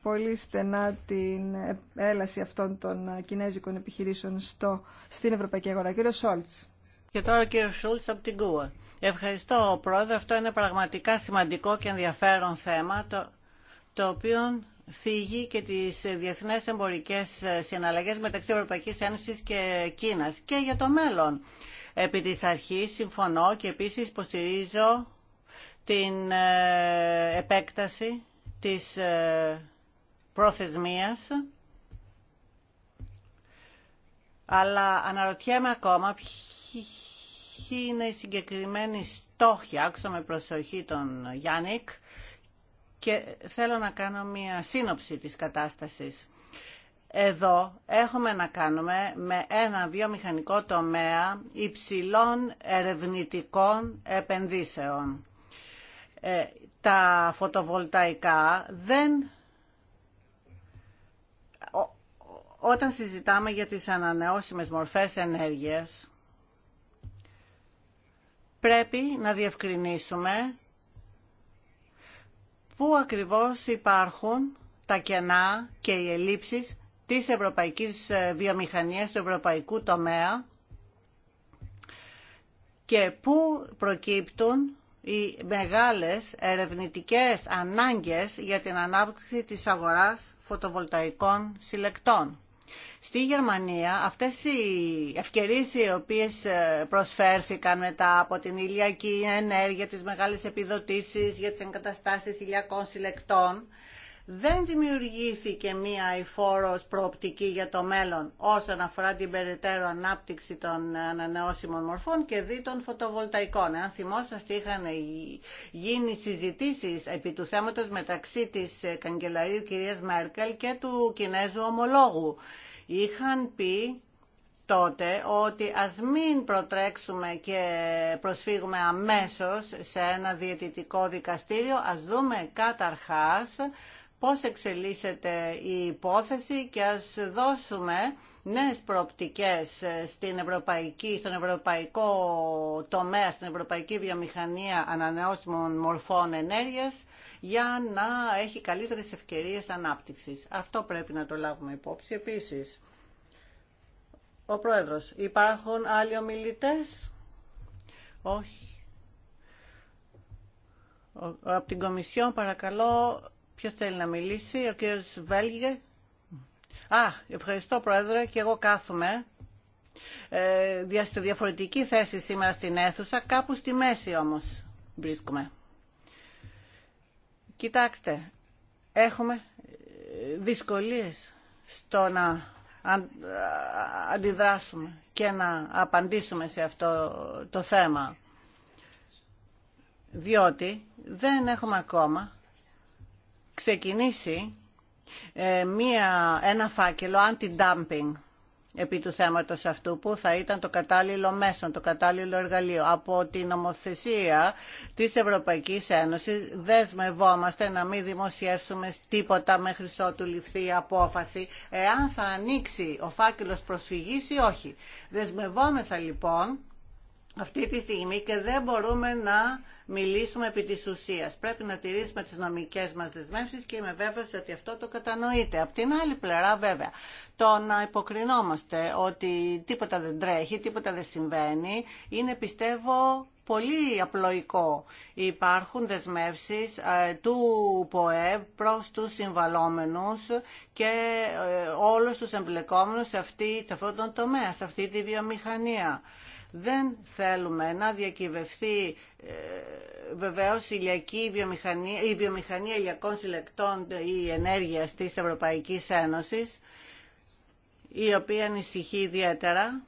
πολύ στενά την έλαση αυτών των κινέζικων επιχειρήσεων στο, στην Ευρωπαϊκή Αγορά. Κύριο Σόλτς. Και τώρα ο κύριο από την ΚΟΥΑ. Ευχαριστώ, Πρόεδρε. Αυτό είναι πραγματικά σημαντικό και ενδιαφέρον θέμα, το, το οποίο θίγει και τις διεθνές εμπορικές συναλλαγές μεταξύ Ευρωπαϊκής Ένωσης και Κίνας και για το μέλλον. Επί της αρχής συμφωνώ και επίσης υποστηρίζω την ε, επέκταση της ε, προθεσμίας αλλά αναρωτιέμαι ακόμα ποιοι είναι οι συγκεκριμένοι στόχοι. Άκουσα προσοχή τον Γιάννικ και θέλω να κάνω μια σύνοψη της κατάστασης. Εδώ έχουμε να κάνουμε με ένα βιομηχανικό τομέα υψηλών ερευνητικών επενδύσεων. Ε, τα φωτοβολταϊκά δεν... Όταν συζητάμε για τις ανανεώσιμες μορφές ενέργειας, πρέπει να διευκρινίσουμε πού ακριβώς υπάρχουν τα κενά και οι ελλείψεις της ευρωπαϊκής ε, βιομηχανίας, του ευρωπαϊκού τομέα και πού προκύπτουν οι μεγάλες ερευνητικές ανάγκες για την ανάπτυξη της αγοράς φωτοβολταϊκών συλλεκτών. Στη Γερμανία αυτές οι ευκαιρίες οι οποίες ε, προσφέρθηκαν μετά από την ηλιακή ενέργεια, τις μεγάλες επιδοτήσεις για τις εγκαταστάσεις ηλιακών συλλεκτών, δεν δημιουργήθηκε μία υφόρος προοπτική για το μέλλον όσον αφορά την περαιτέρω ανάπτυξη των ανανεώσιμων μορφών και δι των φωτοβολταϊκών. Αν θυμόσαστε είχαν γίνει συζητήσεις επί του θέματος μεταξύ της καγκελαρίου κυρίας Μέρκελ και του Κινέζου ομολόγου. Είχαν πει τότε ότι ας μην προτρέξουμε και προσφύγουμε αμέσως σε ένα διαιτητικό δικαστήριο, ας δούμε καταρχάς πώς εξελίσσεται η υπόθεση και ας δώσουμε νέες προοπτικές στην ευρωπαϊκή, στον ευρωπαϊκό τομέα, στην ευρωπαϊκή βιομηχανία ανανεώσιμων μορφών ενέργειας για να έχει καλύτερες ευκαιρίες ανάπτυξης. Αυτό πρέπει να το λάβουμε υπόψη επίσης. Ο Πρόεδρος, υπάρχουν άλλοι ομιλητές? Όχι. Από την Κομισιόν παρακαλώ Ποιος θέλει να μιλήσει, ο κύριος Βέλγε. Α, ευχαριστώ Πρόεδρε και εγώ κάθομαι ε, στη διαφορετική θέση σήμερα στην αίθουσα, κάπου στη μέση όμως βρίσκομαι. Κοιτάξτε, έχουμε ε, δυσκολίες στο να αντιδράσουμε και να απαντήσουμε σε αυτό το θέμα. Διότι δεν έχουμε ακόμα ξεκινήσει ε, μία, ένα φάκελο anti-dumping επί του θέματος αυτού που θα ήταν το κατάλληλο μέσο, το κατάλληλο εργαλείο. Από την νομοθεσία της Ευρωπαϊκής Ένωσης δεσμευόμαστε να μην δημοσιεύσουμε τίποτα μέχρι ότου ληφθεί η απόφαση εάν θα ανοίξει ο φάκελος προσφυγής ή όχι. Δεσμευόμεθα λοιπόν αυτή τη στιγμή και δεν μπορούμε να μιλήσουμε επί της ουσίας. Πρέπει να τηρήσουμε τις νομικές μας δεσμεύσεις και είμαι βέβαιος ότι αυτό το κατανοείτε. Απ' την άλλη πλευρά βέβαια, το να υποκρινόμαστε ότι τίποτα δεν τρέχει, τίποτα δεν συμβαίνει, είναι πιστεύω πολύ απλοϊκό. Υπάρχουν δεσμεύσεις ε, του ΠΟΕ προς τους συμβαλόμενους και ε, όλους τους εμπλεκόμενους σε, αυτή, σε αυτόν τον τομέα, σε αυτή τη βιομηχανία. Δεν θέλουμε να διακυβευτεί ε, βεβαίως η, βιομηχανία, η βιομηχανία ηλιακών συλλεκτών ή ενέργειας της Ευρωπαϊκής Ένωσης, η οποία ανησυχεί ιδιαίτερα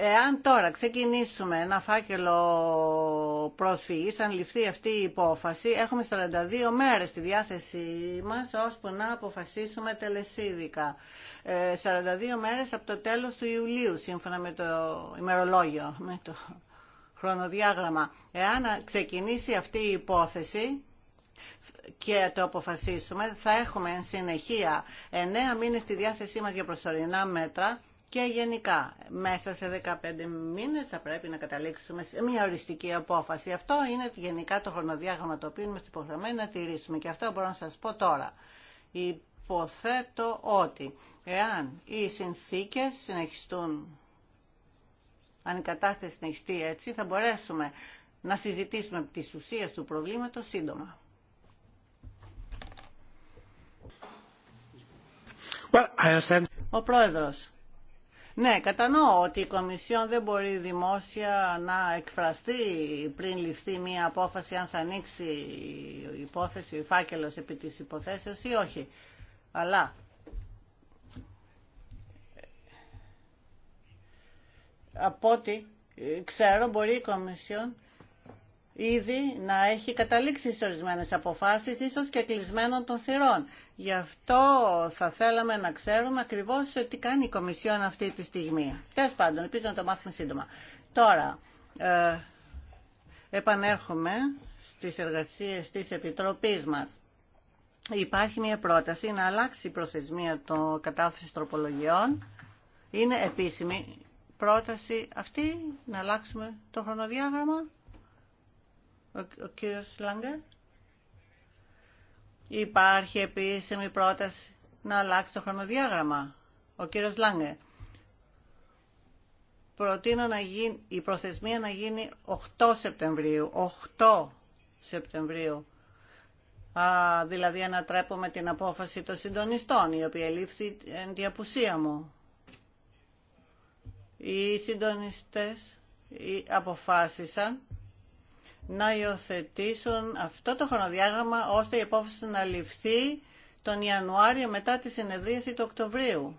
εάν τώρα ξεκινήσουμε ένα φάκελο προσφυγής, αν ληφθεί αυτή η υπόφαση, έχουμε 42 μέρες στη διάθεσή μας ώσπου να αποφασίσουμε τελεσίδικα. 42 ε, μέρες από το τέλος του Ιουλίου, σύμφωνα με το ημερολόγιο, με το χρονοδιάγραμμα. Εάν ξεκινήσει αυτή η υπόθεση, και το αποφασίσουμε, θα έχουμε εν συνεχεία 9 μήνες στη διάθεσή μας για προσωρινά μέτρα και γενικά μέσα σε 15 μήνε θα πρέπει να καταλήξουμε σε μια οριστική απόφαση. Αυτό είναι γενικά το χρονοδιάγραμμα το οποίο είμαστε υποχρεωμένοι να τηρήσουμε και αυτό μπορώ να σας πω τώρα. Υποθέτω ότι εάν οι συνθήκε συνεχιστούν, αν η κατάσταση συνεχιστεί έτσι, θα μπορέσουμε να συζητήσουμε τις ουσίες του προβλήματος σύντομα. Well, I understand. Ο Πρόεδρος, ναι, κατανοώ ότι η Κομισιόν δεν μπορεί δημόσια να εκφραστεί πριν ληφθεί μία απόφαση αν θα ανοίξει η υπόθεση, η φάκελος επί της υποθέσεως ή όχι. Αλλά ε, από ό,τι ε, ξέρω μπορεί η Κομισιόν ήδη να έχει καταλήξει σε ορισμένε αποφάσεις, ίσως και κλεισμένων των θυρών. Γι' αυτό θα θέλαμε να ξέρουμε ακριβώς τι κάνει η Κομισιόν αυτή τη στιγμή. Τέλος πάντων, ελπίζω να το μάθουμε σύντομα. Τώρα, ε, επανέρχομαι στις εργασίες της Επιτροπής μας. Υπάρχει μια πρόταση να αλλάξει η προθεσμία των κατάθεσης τροπολογιών. Είναι επίσημη πρόταση αυτή να αλλάξουμε το χρονοδιάγραμμα. Ο, ο κύριος Υπάρχει επίσημη πρόταση να αλλάξει το χρονοδιάγραμμα. Ο κύριος Λάγκερ. Προτείνω να γίνει, η προθεσμία να γίνει 8 Σεπτεμβρίου. 8 Σεπτεμβρίου. Α, δηλαδή ανατρέπουμε την απόφαση των συντονιστών, η οποία λήφθη εν τη μου. Οι συντονιστές αποφάσισαν να υιοθετήσουν αυτό το χρονοδιάγραμμα ώστε η απόφαση να ληφθεί τον Ιανουάριο μετά τη συνεδρίαση του Οκτωβρίου.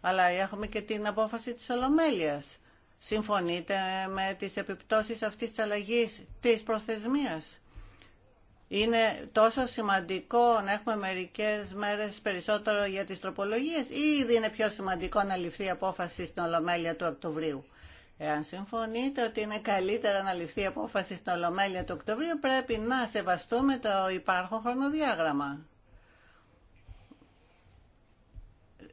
Αλλά έχουμε και την απόφαση της Ολομέλειας. Συμφωνείτε με τις επιπτώσεις αυτής της αλλαγής της προθεσμίας. Είναι τόσο σημαντικό να έχουμε μερικές μέρες περισσότερο για τις τροπολογίες ή ήδη είναι πιο σημαντικό να ληφθεί η απόφαση στην Ολομέλεια του Οκτωβρίου. Εάν συμφωνείτε ότι είναι καλύτερα να ληφθεί η απόφαση στην Ολομέλεια του Οκτωβρίου, πρέπει να σεβαστούμε το υπάρχον χρονοδιάγραμμα.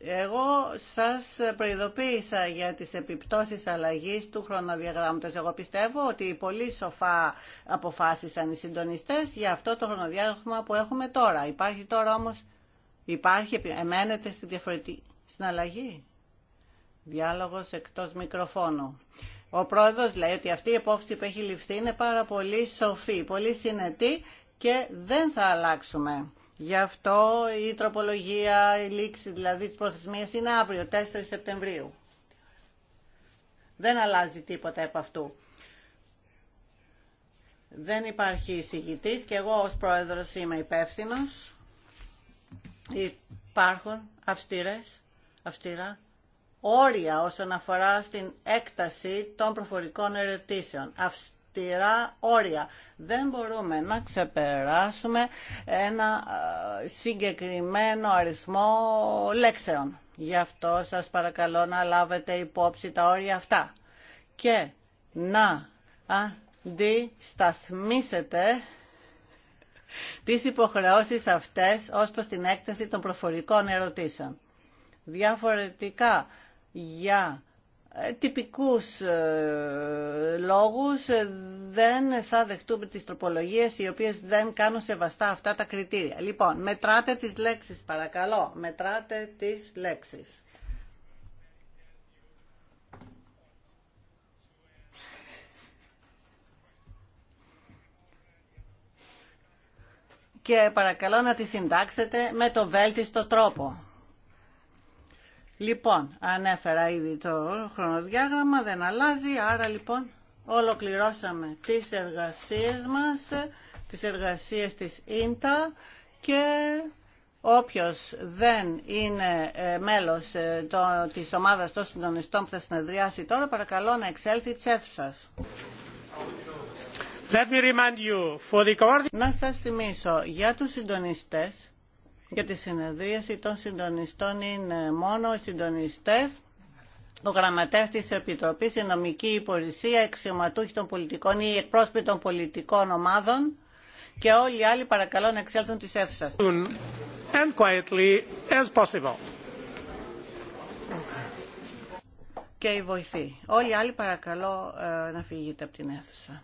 Εγώ σας προειδοποίησα για τις επιπτώσεις αλλαγής του χρονοδιαγράμματος. Εγώ πιστεύω ότι πολύ σοφά αποφάσισαν οι συντονιστές για αυτό το χρονοδιάγραμμα που έχουμε τώρα. Υπάρχει τώρα όμως, υπάρχει, εμένεται στην διαφορετική συναλλαγή. Διάλογος εκτός μικροφώνου. Ο πρόεδρος λέει ότι αυτή η υπόψη που έχει ληφθεί είναι πάρα πολύ σοφή, πολύ συνετή και δεν θα αλλάξουμε. Γι' αυτό η τροπολογία, η λήξη δηλαδή της προθεσμίας είναι αύριο, 4 Σεπτεμβρίου. Δεν αλλάζει τίποτα από αυτού. Δεν υπάρχει εισηγητής και εγώ ως πρόεδρος είμαι υπεύθυνο. Υπάρχουν αυστηρές, αυστηρά όρια όσον αφορά στην έκταση των προφορικών ερωτήσεων. Αυστηρά όρια. Δεν μπορούμε να ξεπεράσουμε ένα συγκεκριμένο αριθμό λέξεων. Γι' αυτό σας παρακαλώ να λάβετε υπόψη τα όρια αυτά και να αντισταθμίσετε τις υποχρεώσεις αυτές ως προς την έκταση των προφορικών ερωτήσεων. Διαφορετικά για ε, τυπικούς ε, λόγους ε, δεν θα δεχτούμε τις τροπολογίες οι οποίες δεν κάνουν σεβαστά αυτά τα κριτήρια. Λοιπόν, μετράτε τις λέξεις παρακαλώ, μετράτε τις λέξεις. Και παρακαλώ να τη συντάξετε με το βέλτιστο τρόπο. Λοιπόν, ανέφερα ήδη το χρονοδιάγραμμα, δεν αλλάζει, άρα λοιπόν ολοκληρώσαμε τις εργασίες μας, τις εργασίες της ίντα και όποιος δεν είναι ε, μέλος ε, το, της ομάδας των συντονιστών που θα συνεδριάσει τώρα, παρακαλώ να εξέλθει της αίθουσας. Let me remind Να σας θυμίσω, για τους συντονιστές για τη συνεδρίαση των συντονιστών είναι μόνο οι συντονιστές, ο γραμματέας της Επιτροπής, η νομική υπηρεσία, εξηματούχοι των πολιτικών ή εκπρόσωποι των πολιτικών ομάδων και όλοι οι άλλοι παρακαλώ να εξέλθουν της αίθουσας. And Και η βοηθή. Όλοι οι άλλοι παρακαλώ ε, να φύγετε από την αίθουσα.